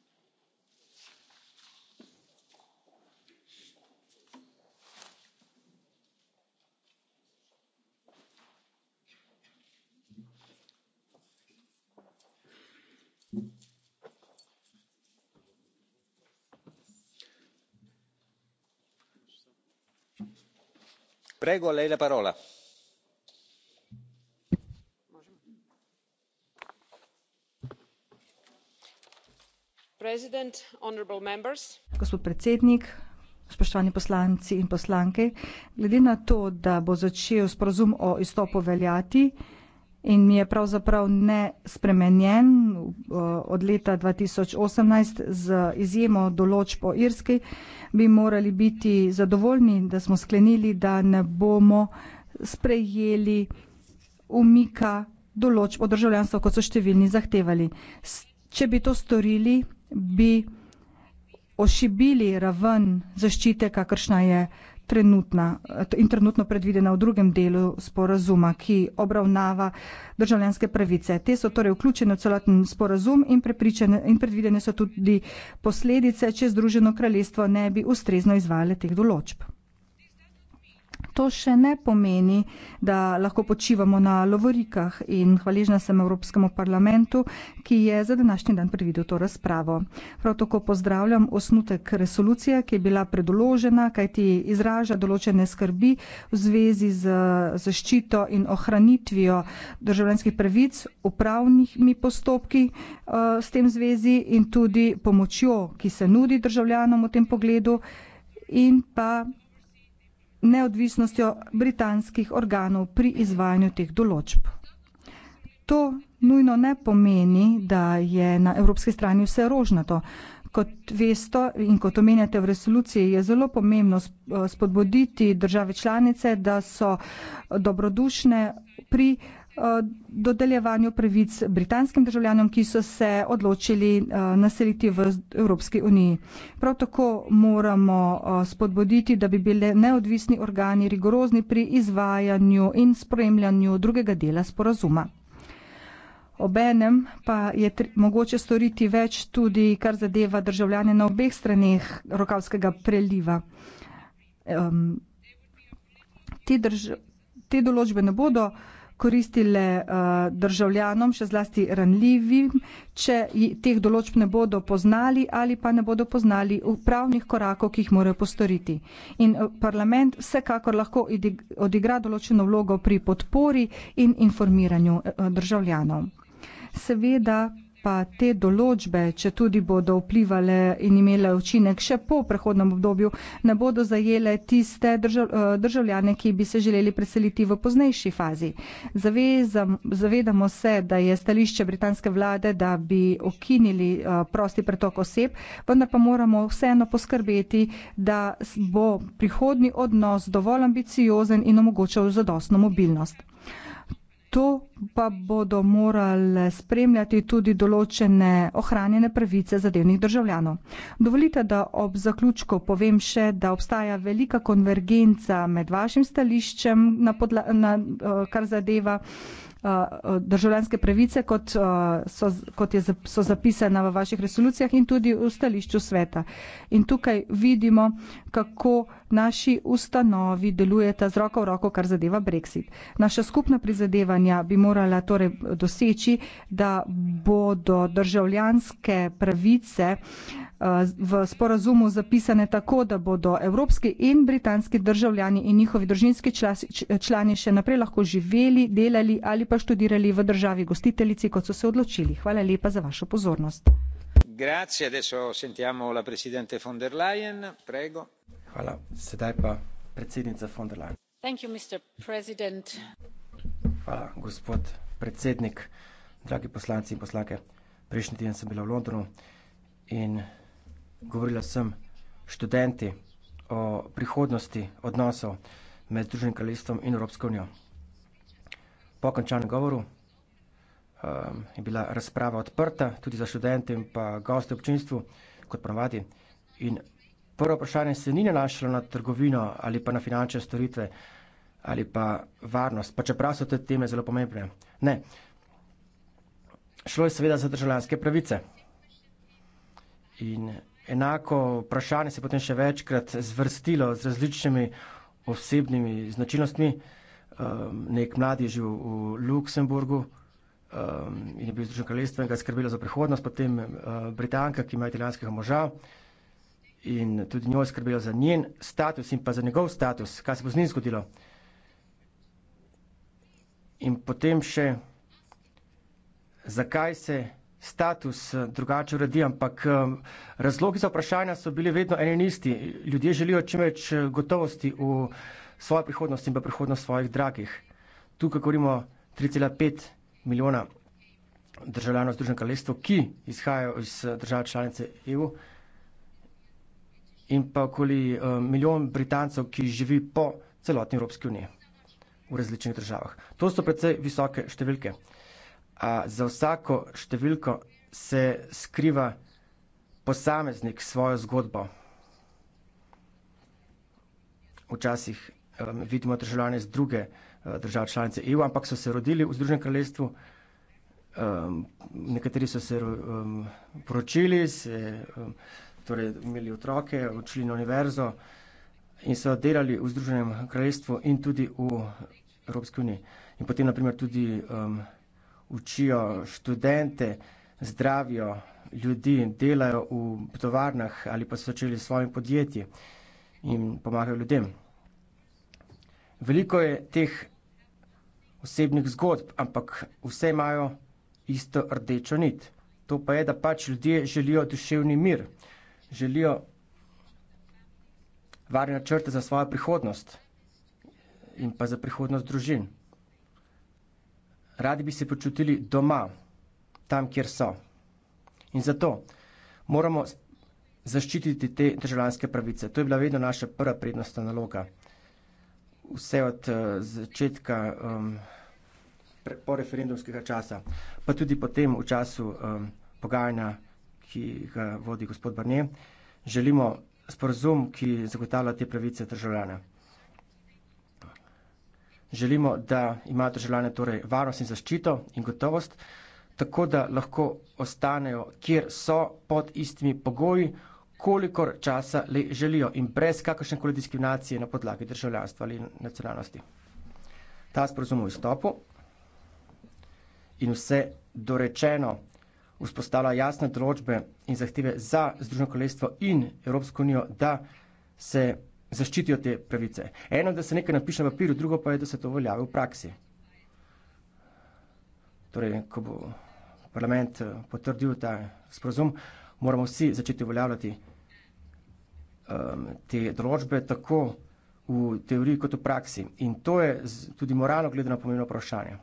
Speaker 5: gospod predsednik spoštovani poslanci in poslanke glede na to da bo začel sporazum o izstopu veljati in mi je pravzaprav ne spremenjen eh, od leta 2018 z izjemo določb o Irski, bi morali biti zadovoljni, da smo sklenili, da ne bomo sprejeli umika določb o državljanstvu, kot so številni zahtevali. Če bi to storili, bi ošibili raven zaščite, kakršna je vsega, trenutna in trenutno predvidena v drugem delu sporazuma, ki obravnava državljanske pravice. Te so torej vključene v celoten sporazum in, in predvidene so tudi posledice, če Združeno kraljestvo ne bi ustrezno izvajale teh določb to še ne pomeni, da lahko počivamo na lovorikah in hvaležna sem Evropskemu parlamentu, ki je za današnji dan predvidel to razpravo. Prav tako pozdravljam osnutek resolucije, ki je bila predoložena, kajti izraža določene skrbi v zvezi z zaščito in ohranitvijo državljanskih pravic, upravnimi postopki eh, s tem zvezi in tudi pomočjo, ki se nudi državljanom v tem pogledu in pa neodvisnostjo britanskih organov pri izvajanju teh določb. To nujno ne pomeni, da je na evropski strani vse rožnato. Kot veste in kot omenjate v resoluciji, je zelo pomembno eh, spodbuditi države članice, da so dobrodušne pri Eh, dodeljevanju pravic britanskim državljanom, ki so se odločili eh, naseliti v Evropski uniji. Prav tako moramo eh, spodbuditi, da bi bile neodvisni organi rigorozni pri izvajanju in spremljanju drugega dela sporazuma. Obenem pa je mogoče storiti več tudi, kar zadeva državljane na obeh straneh rokavskega preliva. Um, te, te določbe ne bodo uh, koristile uh, državljanom, še zlasti ranljivim, če teh določb ne bodo poznali ali pa ne bodo poznali upravnih korakov, ki jih morajo postoriti. In eh, parlament vsekakor lahko odigra določeno vlogo pri podpori in informiranju uh, državljanov. Seveda pa te določbe, če tudi bodo vplivale in imele učinek še po prehodnem obdobju, ne bodo zajele tiste eh, državljane, ki bi se želeli preseliti v poznejši fazi. Zavezam, zavedamo se, da je stališče britanske vlade, da bi okinili eh, prosti pretok oseb, vendar pa moramo vseeno poskrbeti, da bo prihodni odnos dovolj ambiciozen in omogočal zadostno mobilnost to pa bodo morale spremljati tudi določene ohranjene pravice zadevnih državljanov. Dovolite, da ob zaključku povem še, da obstaja velika konvergenca med vašim stališčem, na podla, na, eh, kar zadeva Eh, državljanske pravice, kot, eh, so, kot je, so zapisane v vaših resolucijah in tudi v stališču sveta. In tukaj vidimo, kako naši ustanovi delujeta z roko v roko, kar zadeva Brexit. Naša skupna prizadevanja bi morala torej doseči, da bodo državljanske pravice eh, v sporazumu zapisane tako, da bodo evropski in britanski državljani in njihovi družinski člani še naprej lahko živeli, delali ali pa pa študirali v državi gostiteljici, kot so se odločili. Hvala lepa za vašo pozornost.
Speaker 7: Grazie, adesso sentiamo la presidente von der Leyen, prego.
Speaker 8: Hvala, sedaj pa predsednica von der Leyen.
Speaker 6: Thank you, Mr. President.
Speaker 8: Hvala, gospod predsednik, dragi poslanci in poslanke. Prejšnji teden sem bila v Londonu in govorila sem študenti o prihodnosti odnosov med Združenim kraljestvom in Evropsko unijo. Po končanem govoru um, je bila razprava odprta tudi za študente in pa goste občinstvu, kot ponovadi. In prvo vprašanje se ni nanašalo na trgovino ali pa na finančne storitve ali pa varnost, pa čeprav so te teme zelo pomembne. Ne. Šlo je seveda za državljanske pravice. In enako vprašanje se je potem še večkrat zvrstilo z različnimi osebnimi značilnostmi um, nek mladi živ v Luksemburgu um, in je bil združen kraljestvo in ga je skrbela za prihodnost, potem uh, Britanka, ki ima italijanskega moža in tudi njo je skrbela za njen status in pa za njegov status, kaj se bo z njim zgodilo. In potem še, zakaj se status uh, drugače uredi, ampak um, razlogi za vprašanja so bili vedno eni in isti. Ljudje želijo čim več uh, gotovosti v svojo prihodnost in pa prihodnost svojih dragih. Tukaj govorimo 3,5 milijona državljanov Združenega kraljestva, ki izhajajo iz eh, države članice EU in pa okoli eh, milijon Britancev, ki živi po celotni Evropski uniji v različnih državah. To so precej visoke številke. A za vsako številko se skriva posameznik svojo zgodbo. Včasih Ehm, vidimo državljane iz druge eh, države članice EU, ampak so se rodili v Združenem kraljestvu, ehm, nekateri so se ehm, poročili, se, torej imeli otroke, odšli na univerzo in so delali v Združenem kraljestvu in tudi v Evropski uniji. In potem, naprimer, tudi um, učijo študente, zdravijo ljudi, delajo v tovarnah ali pa so začeli s svojim podjetjem in pomagajo ljudem. Veliko je teh osebnih zgodb, ampak vse imajo isto rdečo nit. To pa je, da pač ljudje želijo duševni mir, želijo varne načrte za svojo prihodnost in pa za prihodnost družin. Radi bi se počutili doma, tam, kjer so. In zato moramo zaščititi te državljanske pravice. To je bila vedno naša prva prednostna naloga vse od uh, začetka um, pre, po referendumskega časa, pa tudi potem v času um, pogajanja, ki ga vodi gospod Barnier, želimo sporozum, ki zagotavlja te pravice državljana. Želimo, da imajo državljane torej varnost in zaščito in gotovost, tako da lahko ostanejo, kjer so pod istimi pogoji, kolikor časa le želijo in brez kakršne koli diskriminacije na podlagi državljanstva ali nacionalnosti. Ta sporozum o izstopu in vse dorečeno vzpostavlja jasne določbe in zahteve za Združeno kraljestvo in Evropsko unijo, da se zaščitijo te pravice. Eno, da se nekaj napiše na papirju, drugo pa je, da se to uveljavi v praksi. Torej, ko bo parlament eh, potrdil ta sporozum, moramo vsi začeti uveljavljati Um, te določbe tako v teoriji kot v praksi. In to je tudi moralno gledano pomembno vprašanje.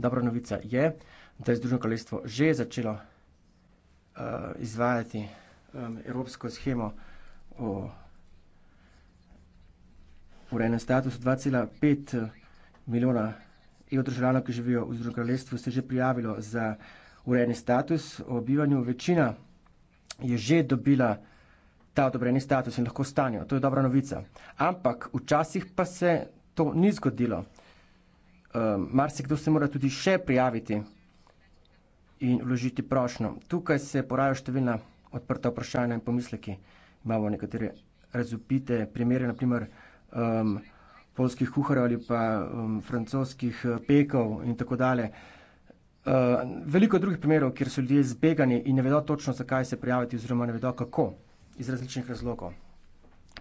Speaker 8: Dobra novica je, da je Združeno kraljestvo že začelo uh, izvajati um, evropsko schemo o urejenem statusu 2,5 uh, milijona EU državljanov, ki živijo v Združenem kraljestvu, se je že prijavilo za urejeni status o bivanju. Večina je že dobila ta odobreni status in lahko stanijo. To je dobra novica. Ampak včasih pa se to ni zgodilo. Um, ehm, mar se kdo se mora tudi še prijaviti in vložiti prošno. Tukaj se porajo številna odprta vprašanja in pomisleki. Imamo nekatere razupite primere, naprimer um, ehm, polskih kuharjev ali pa um, francoskih eh, pekov in tako dalje. Uh, veliko drugih primerov, kjer so ljudje zbegani in ne vedo točno, zakaj se prijaviti oziroma ne vedo kako iz različnih razlogov.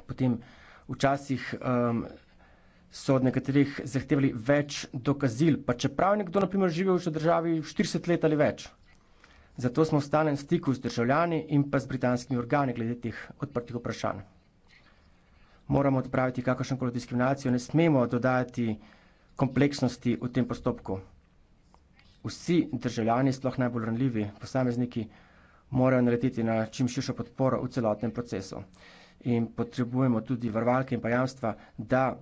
Speaker 8: Potem včasih um, so od nekaterih zahtevali več dokazil, pa čeprav nekdo, na primer, živi v še državi 40 let ali več. Zato smo v stalnem stiku z državljani in pa z britanskimi organi glede teh odprtih vprašanj. Moramo odpraviti kakršnokoli diskriminacijo, ne smemo dodajati kompleksnosti v tem postopku. Vsi državljani, sploh najbolj ranljivi posamezniki, morajo narediti na čim širšo podporo v celotnem procesu. In potrebujemo tudi varovalke in pa jamstva, da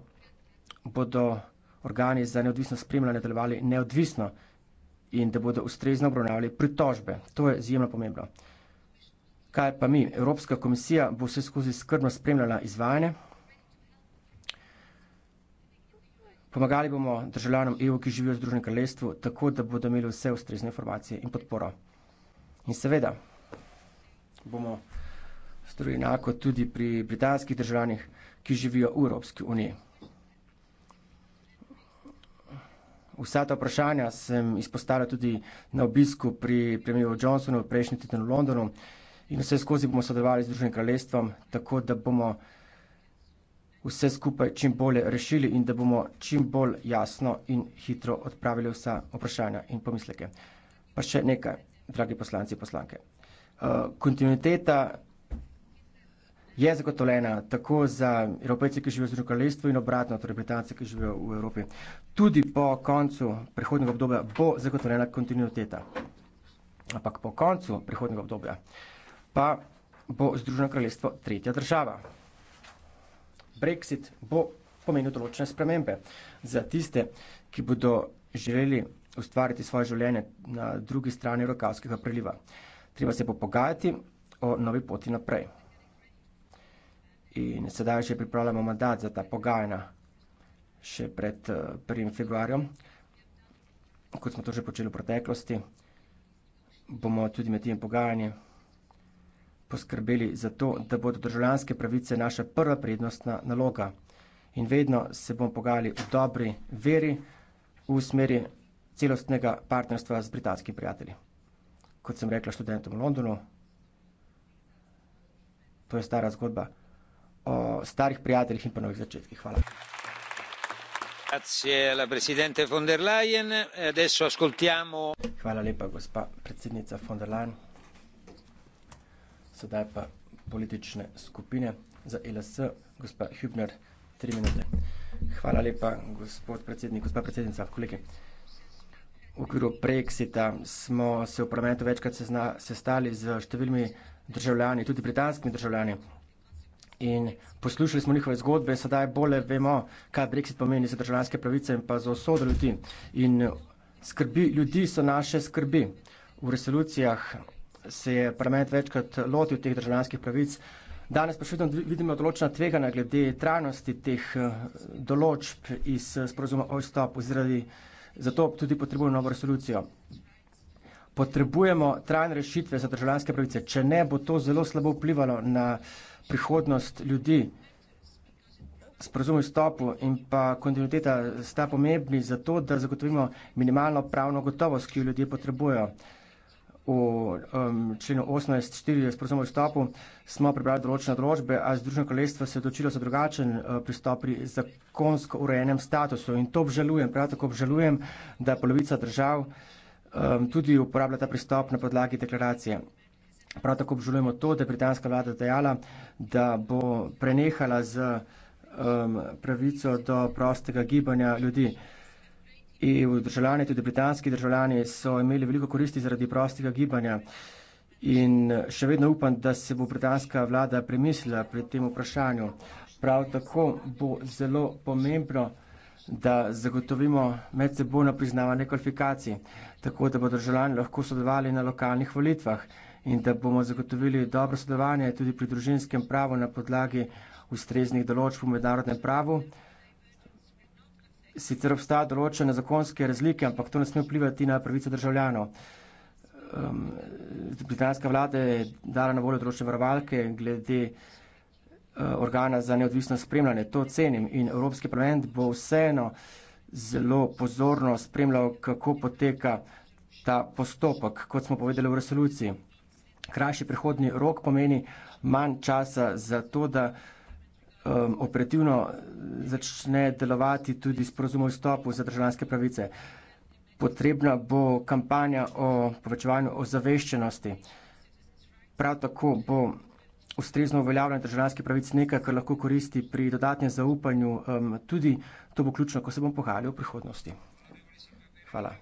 Speaker 8: bodo organi za neodvisno spremljanje delovali neodvisno in da bodo ustrezno obravnavali pritožbe. To je izjemno pomembno. Kaj pa mi? Evropska komisija bo vse skozi skrbno spremljala izvajanje. Pomagali bomo državljanom EU, ki živijo v Združenem kraljestvu, tako da bodo imeli vse ustrezne informacije in podporo. In seveda, bomo storili enako tudi pri britanskih državljanih, ki živijo v Evropski uniji. Vsa ta vprašanja sem izpostavil tudi na obisku pri premijeru Johnsonu prejšnji teden v Londonu in vse skozi bomo sodelovali z Združenim kraljestvom, tako da bomo vse skupaj čim bolje rešili in da bomo čim bolj jasno in hitro odpravili vsa vprašanja in pomisleke. Pa še nekaj, dragi poslanci in poslanke. Eh, kontinuiteta je zagotovljena tako za Evropejce, ki živijo v Združenem in obratno, torej Britance, ki živijo v Evropi. Tudi po koncu prehodnega obdobja bo zagotovljena kontinuiteta. Ampak po koncu prehodnega obdobja pa bo Združeno kraljestvo tretja država. Brexit bo pomenil določene spremembe za tiste, ki bodo želeli ustvariti svoje življenje na drugi strani Rokavskega preliva. Uh, treba se popogajati o novi poti naprej. In sedaj še pripravljamo mandat za ta pogajanja, še pred 1. Eh, februarjem, kot smo to že počeli v preteklosti, bomo tudi med tem pogajanjem poskrbeli za to, da bodo državljanske pravice naša prva prednostna naloga. In vedno se bomo pogajali v dobri veri v smeri celostnega partnerstva z britanskimi prijatelji kot sem rekla, študentom v Londonu. To je stara zgodba o starih prijateljih in pa novih začetkih. Hvala. E Hvala lepa, gospa predsednica von der Leyen. Sedaj pa politične skupine za e LSC, gospa Hübner, tri minute. Hvala lepa, gospod predsednik, gospa predsednica, kolegi v okviru Brexita smo se v parlamentu večkrat sestali z številnimi državljani, tudi britanskimi državljani. In poslušali smo njihove zgodbe, sedaj bolje vemo, kaj Brexit pomeni za državljanske pravice in pa za usodo ljudi. In skrbi ljudi so naše skrbi. V resolucijah se je parlament večkrat lotil teh državljanskih pravic. Danes pa še vedno vidimo določena tvegana glede trajnosti teh določb iz sporozuma o izstopu zaradi zato tudi potrebujemo novo resolucijo. Potrebujemo trajne rešitve za državljanske pravice. Če ne, bo to zelo slabo vplivalo na prihodnost ljudi. Sporazum o stopu in pa kontinuiteta sta pomembni za to, da zagotovimo minimalno pravno gotovost, ki jo ljudje potrebujejo v, um, členu 18.4 sporozuma o vstopu smo prebrali določene odločbe, a Združeno kraljestvo se je odločilo za drugačen uh, pristop pri zakonsko urejenem statusu in to obžalujem, prav tako obžalujem, da polovica držav um, tudi uporablja ta pristop na podlagi deklaracije. Prav tako obžalujemo to, da je britanska vlada dejala, da bo prenehala z um, pravico do prostega gibanja ljudi. Uh, EU državljani, tudi britanski državljani so imeli veliko koristi zaradi prostega gibanja. In še vedno upam, da se bo britanska vlada premislila pri tem vprašanju. Prav tako bo zelo pomembno, da zagotovimo med seboj na priznavanje kvalifikacij, tako da bo državljani lahko sodelovali na lokalnih volitvah in da bomo zagotovili dobro sodelovanje tudi pri družinskem pravu na podlagi ustreznih določb v mednarodnem pravu sicer obstajajo določene zakonske razlike, ampak to ne sme vplivati na pravice državljanov. Um, britanska vlada je dala na voljo določene varovalke glede uh, organa za neodvisno spremljanje. To cenim in Evropski parlament bo vseeno zelo pozorno spremljal, kako poteka ta postopek, kot smo povedali v resoluciji. Krajši prihodni rok pomeni manj časa za to, da Um, operativno začne delovati tudi sporozum o vstopu za državljanske pravice. Potrebna bo kampanja o povečevanju ozaveščenosti. Prav tako bo ustrezno uveljavljanje državljanskih pravic nekaj, kar lahko koristi pri dodatnem zaupanju, um, tudi to bo ključno, ko se bomo pogajali o prihodnosti. Hvala.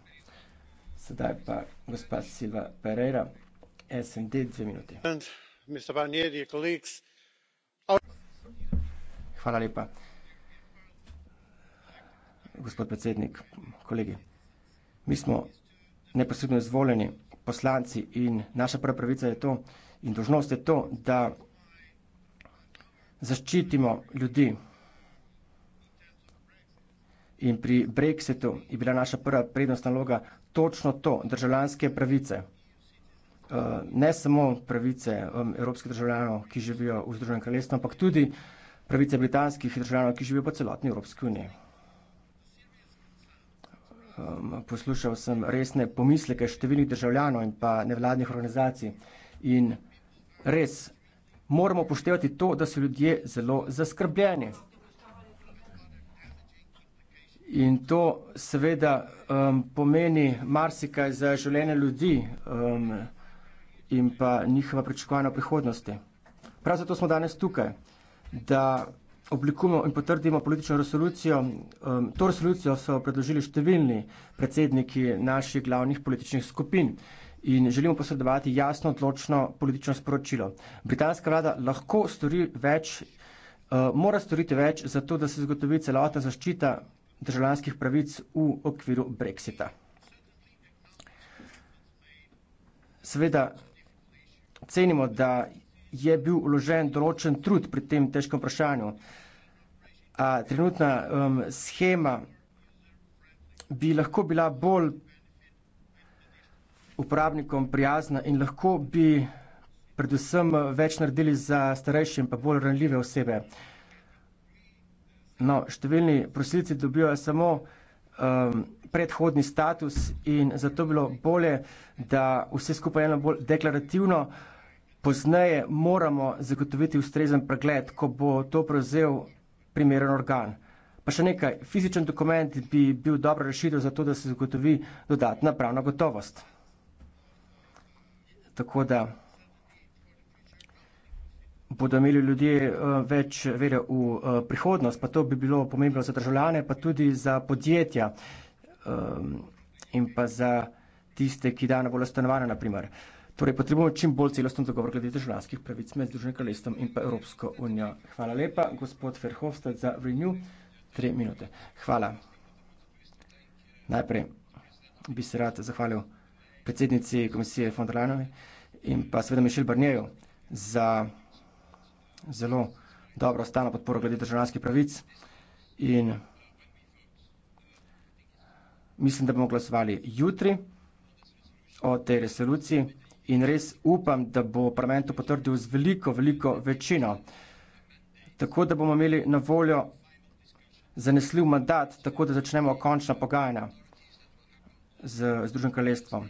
Speaker 8: Sedaj pa gospa Silva Pereira, SND, dve minuti. Hvala lepa. Gospod predsednik, kolegi. Mi smo neposredno izvoljeni poslanci in naša prva pravica je to in dožnost je to, da zaščitimo ljudi. In pri Brexitu je bila naša prva prednostna naloga točno to, državljanske pravice. Eh, ne samo pravice evropskih državljanov, ki živijo v Združenem kraljestvu, ampak tudi pravice britanskih državljanov, ki živijo po celotni Evropski uniji. Um, poslušal sem resne pomisleke številnih državljanov in pa nevladnih organizacij in res moramo poštevati to, da so ljudje zelo zaskrbljeni. In to seveda um, pomeni marsikaj za življenje ljudi um, in pa njihova pričakovana prihodnosti. Prav zato smo danes tukaj da oblikujemo in potrdimo politično resolucijo. Um, to resolucijo so predložili številni predsedniki naših glavnih političnih skupin in želimo posredovati jasno, odločno politično sporočilo. Britanska vlada lahko stori več, uh, mora storiti več za to, da se zagotovi celotna zaščita državljanskih pravic v okviru Brexita. Seveda, cenimo, da je bil vložen določen trud pri tem težkem vprašanju. A trenutna um, schema bi lahko bila bolj uporabnikom prijazna in lahko bi predvsem uh, več naredili za starejše in pa bolj ranljive osebe. No, številni prosilci dobijo samo um, predhodni status in zato bilo bolje, da vse skupaj eno bolj deklarativno uh, Pozneje moramo zagotoviti ustrezen pregled, ko bo to prevzel primeren organ. Pa še nekaj, fizičen dokument bi bil dobro rešitev za to, da se zagotovi dodatna pravna gotovost. Tako da bodo imeli ljudje eh, več vere v eh, prihodnost, pa to bi bilo pomembno za državljane, pa tudi za podjetja eh, in pa za tiste, ki dajo na bolj stanovanje, naprimer. primer. Torej, potrebujemo čim bolj celosten dogovor glede državljanskih pravic med Združenim kraljestvom in pa Evropsko unijo. Hvala lepa, gospod Verhofstadt, za Renew. Tri minute. Hvala. Najprej bi se rad zahvalil predsednici komisije von der Leyenovi in pa seveda Mišel Barnjeju za zelo dobro stano podporo glede državljanskih pravic in mislim, da bomo glasovali jutri o tej resoluciji in res upam, da bo parlament to potrdil z veliko, veliko večino. Tako da bomo imeli na voljo zanesljiv mandat, tako da začnemo končna pogajanja z Združenim kraljestvom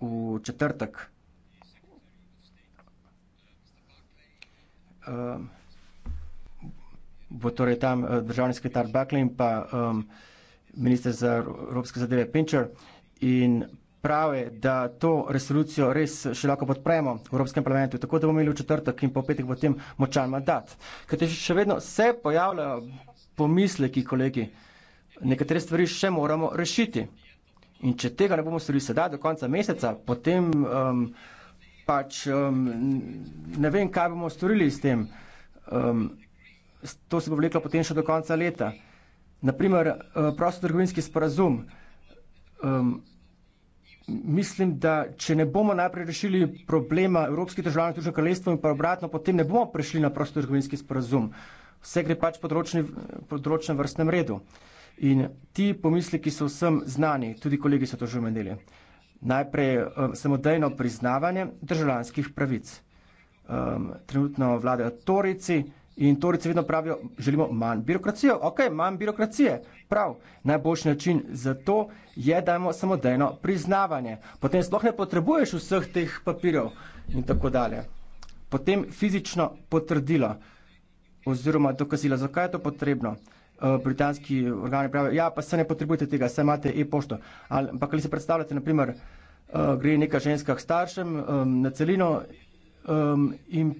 Speaker 8: v četrtek. Um, bo torej tam eh, državni sekretar Buckley in pa um, minister za evropske zadeve Pinčer in prav je, da to resolucijo res še lahko podpremo v Evropskem parlamentu, tako da bomo imeli v četrtek in po petek potem močan mandat. Ker še vedno se pojavljajo pomisleki, kolegi, nekatere stvari še moramo rešiti. In če tega ne bomo storili sedaj do konca meseca, potem um, pač um, ne vem, kaj bomo storili s tem. Um, to se bo vleklo potem še do konca leta. Naprimer, uh, prostotrgovinski sporazum. Um, mislim, da če ne bomo najprej rešili problema Evropskih državljanov in državljanstva in pa obratno, potem ne bomo prišli na prostotrgovinski sporazum. Vse gre pač področnem vrstnem redu. In ti pomisliki so vsem znani, tudi kolegi so to že omenili. Najprej um, samodejno priznavanje državljanskih pravic. Um, trenutno vlade Torici. In torej, vedno pravijo, želimo manj birokracije. Ok, manj birokracije, prav. Najboljši način za to je, da imamo samodejno priznavanje. Potem sploh ne potrebuješ vseh teh papirjev in tako dalje. Potem fizično potrdilo oziroma dokazilo, zakaj je to potrebno. Eh, britanski organi pravijo, ja, pa se ne potrebujete tega, se imate e-pošto. Ampak ali se predstavljate, naprimer, eh, gre neka ženska k staršem ehm, na celino ehm, in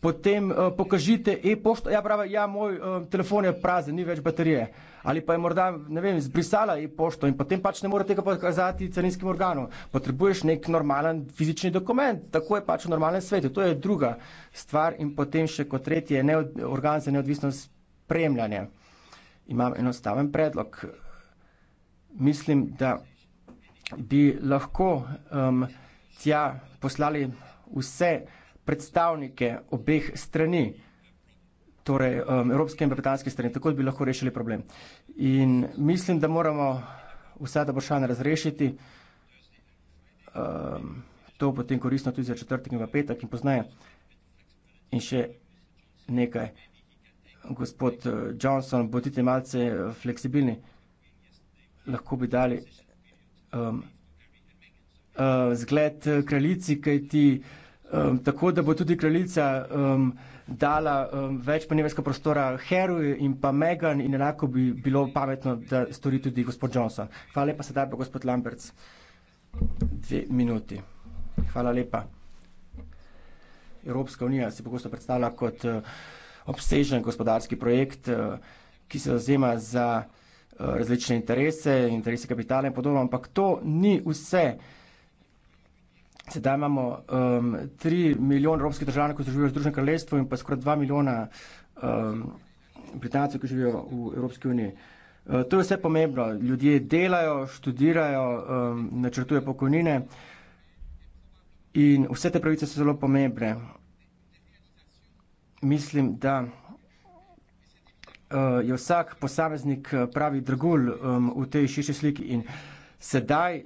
Speaker 8: Potem uh, pokažite e-pošto. Ja, pravi, ja, moj uh, telefon je prazen, ni več baterije. Ali pa je morda, ne vem, zbrisala e-pošto in potem pač ne more tega pokazati carinskim organom. Potrebuješ nek normalen fizični dokument, tako je pač v normalnem svetu. To je druga stvar in potem še kot tretje, neod, organ za neodvisno spremljanje. Imam enostaven predlog. Mislim, da bi lahko um, tja poslali vse predstavnike obeh strani, torej um, evropske in britanske strani, tako bi lahko rešili problem. In mislim, da moramo vse to vprašanje razrešiti, um, to potem koristno tudi za četrtek in petek in poznaje. In še nekaj, gospod uh, Johnson, bodite malce uh, fleksibilni, lahko bi dali um, uh, zgled uh, kraljici, kaj ti. Um, tako da bo tudi kraljica um, dala um, več manevrskega prostora Heru in pa Megan in enako bi bilo pametno, da stori tudi gospod Johnson. Hvala lepa, sedaj pa gospod Lamberts. Dve minuti. Hvala lepa. Evropska unija se pogosto predstavlja kot eh, obsežen gospodarski projekt, eh, ki se zazema za eh, različne interese, interese kapitala in podobno, ampak to ni vse. Sedaj imamo, um, tri milijone romskih državljanov, ki živijo v Združenem kraljestvu, in pa skoraj dva milijona, um, Britancev, ki živijo v Evropski uniji. Uh, to je vse pomembno, ljudje delajo, študirajo, um, načrtujejo pokojnine in vse te pravice so zelo pomembne. Mislim, da, uh, je vsak posameznik uh, pravi dragulj, v tej širši sliki in sedaj,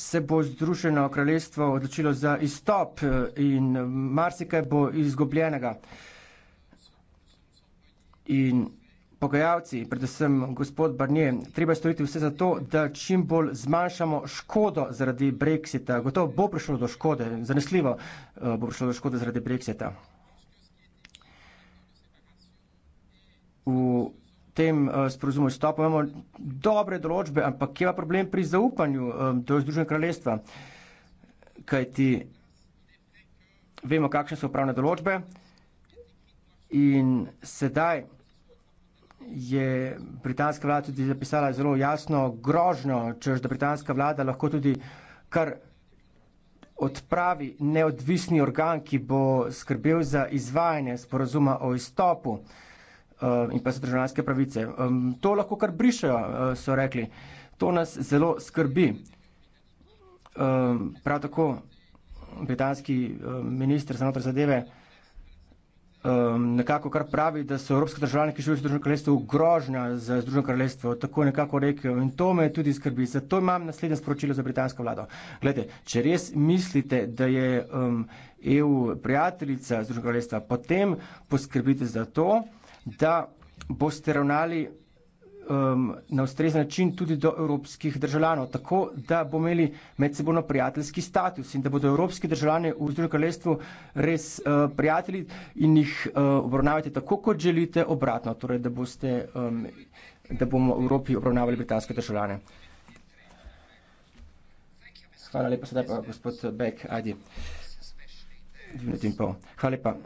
Speaker 8: se bo Združeno kraljestvo odločilo za izstop eh, in eh, marsikaj bo izgubljenega. In pogajalci, predvsem gospod Barnier, treba storiti vse za to, da čim bolj zmanjšamo škodo zaradi brexita. Gotovo bo prišlo do škode, zanesljivo eh, bo prišlo do škode zaradi brexita. V tem uh, eh, sporozumu izstopu imamo dobre določbe, ampak kje je problem pri zaupanju um, do Združenega kraljestva? Kaj ti vemo, kakšne so pravne določbe in sedaj je britanska vlada tudi zapisala zelo jasno grožno, čež da britanska vlada lahko tudi kar odpravi neodvisni organ, ki bo skrbel za izvajanje sporozuma o izstopu. Uh, Eh, in pa so državljanske pravice. To lahko kar brišejo, eh, so rekli. To nas zelo skrbi. Prav tako britanski eh, minister za notranje zadeve nekako kar pravi, da so evropske državljane, ki živijo v Združenem kraljestvu, grožnja za Združeno kraljestvo, tako nekako rekel. In to me tudi skrbi. Zato imam naslednje sporočilo za britansko vlado. Glede, če res mislite, da je um, EU prijateljica Združenega kraljestva, potem poskrbite za to da boste ravnali um, na ustrezen način tudi do evropskih državljanov, tako da bomo imeli medsebojno prijateljski status in da bodo evropski državljani v Združenem kraljestvu res uh, prijatelji in jih uh, obravnavate tako, kot želite, obratno, torej da, boste, um, da bomo v Evropi obravnavali britanske državljane. Hvala lepa, sedaj pa gospod Beck, ajdi. Hvala lepa.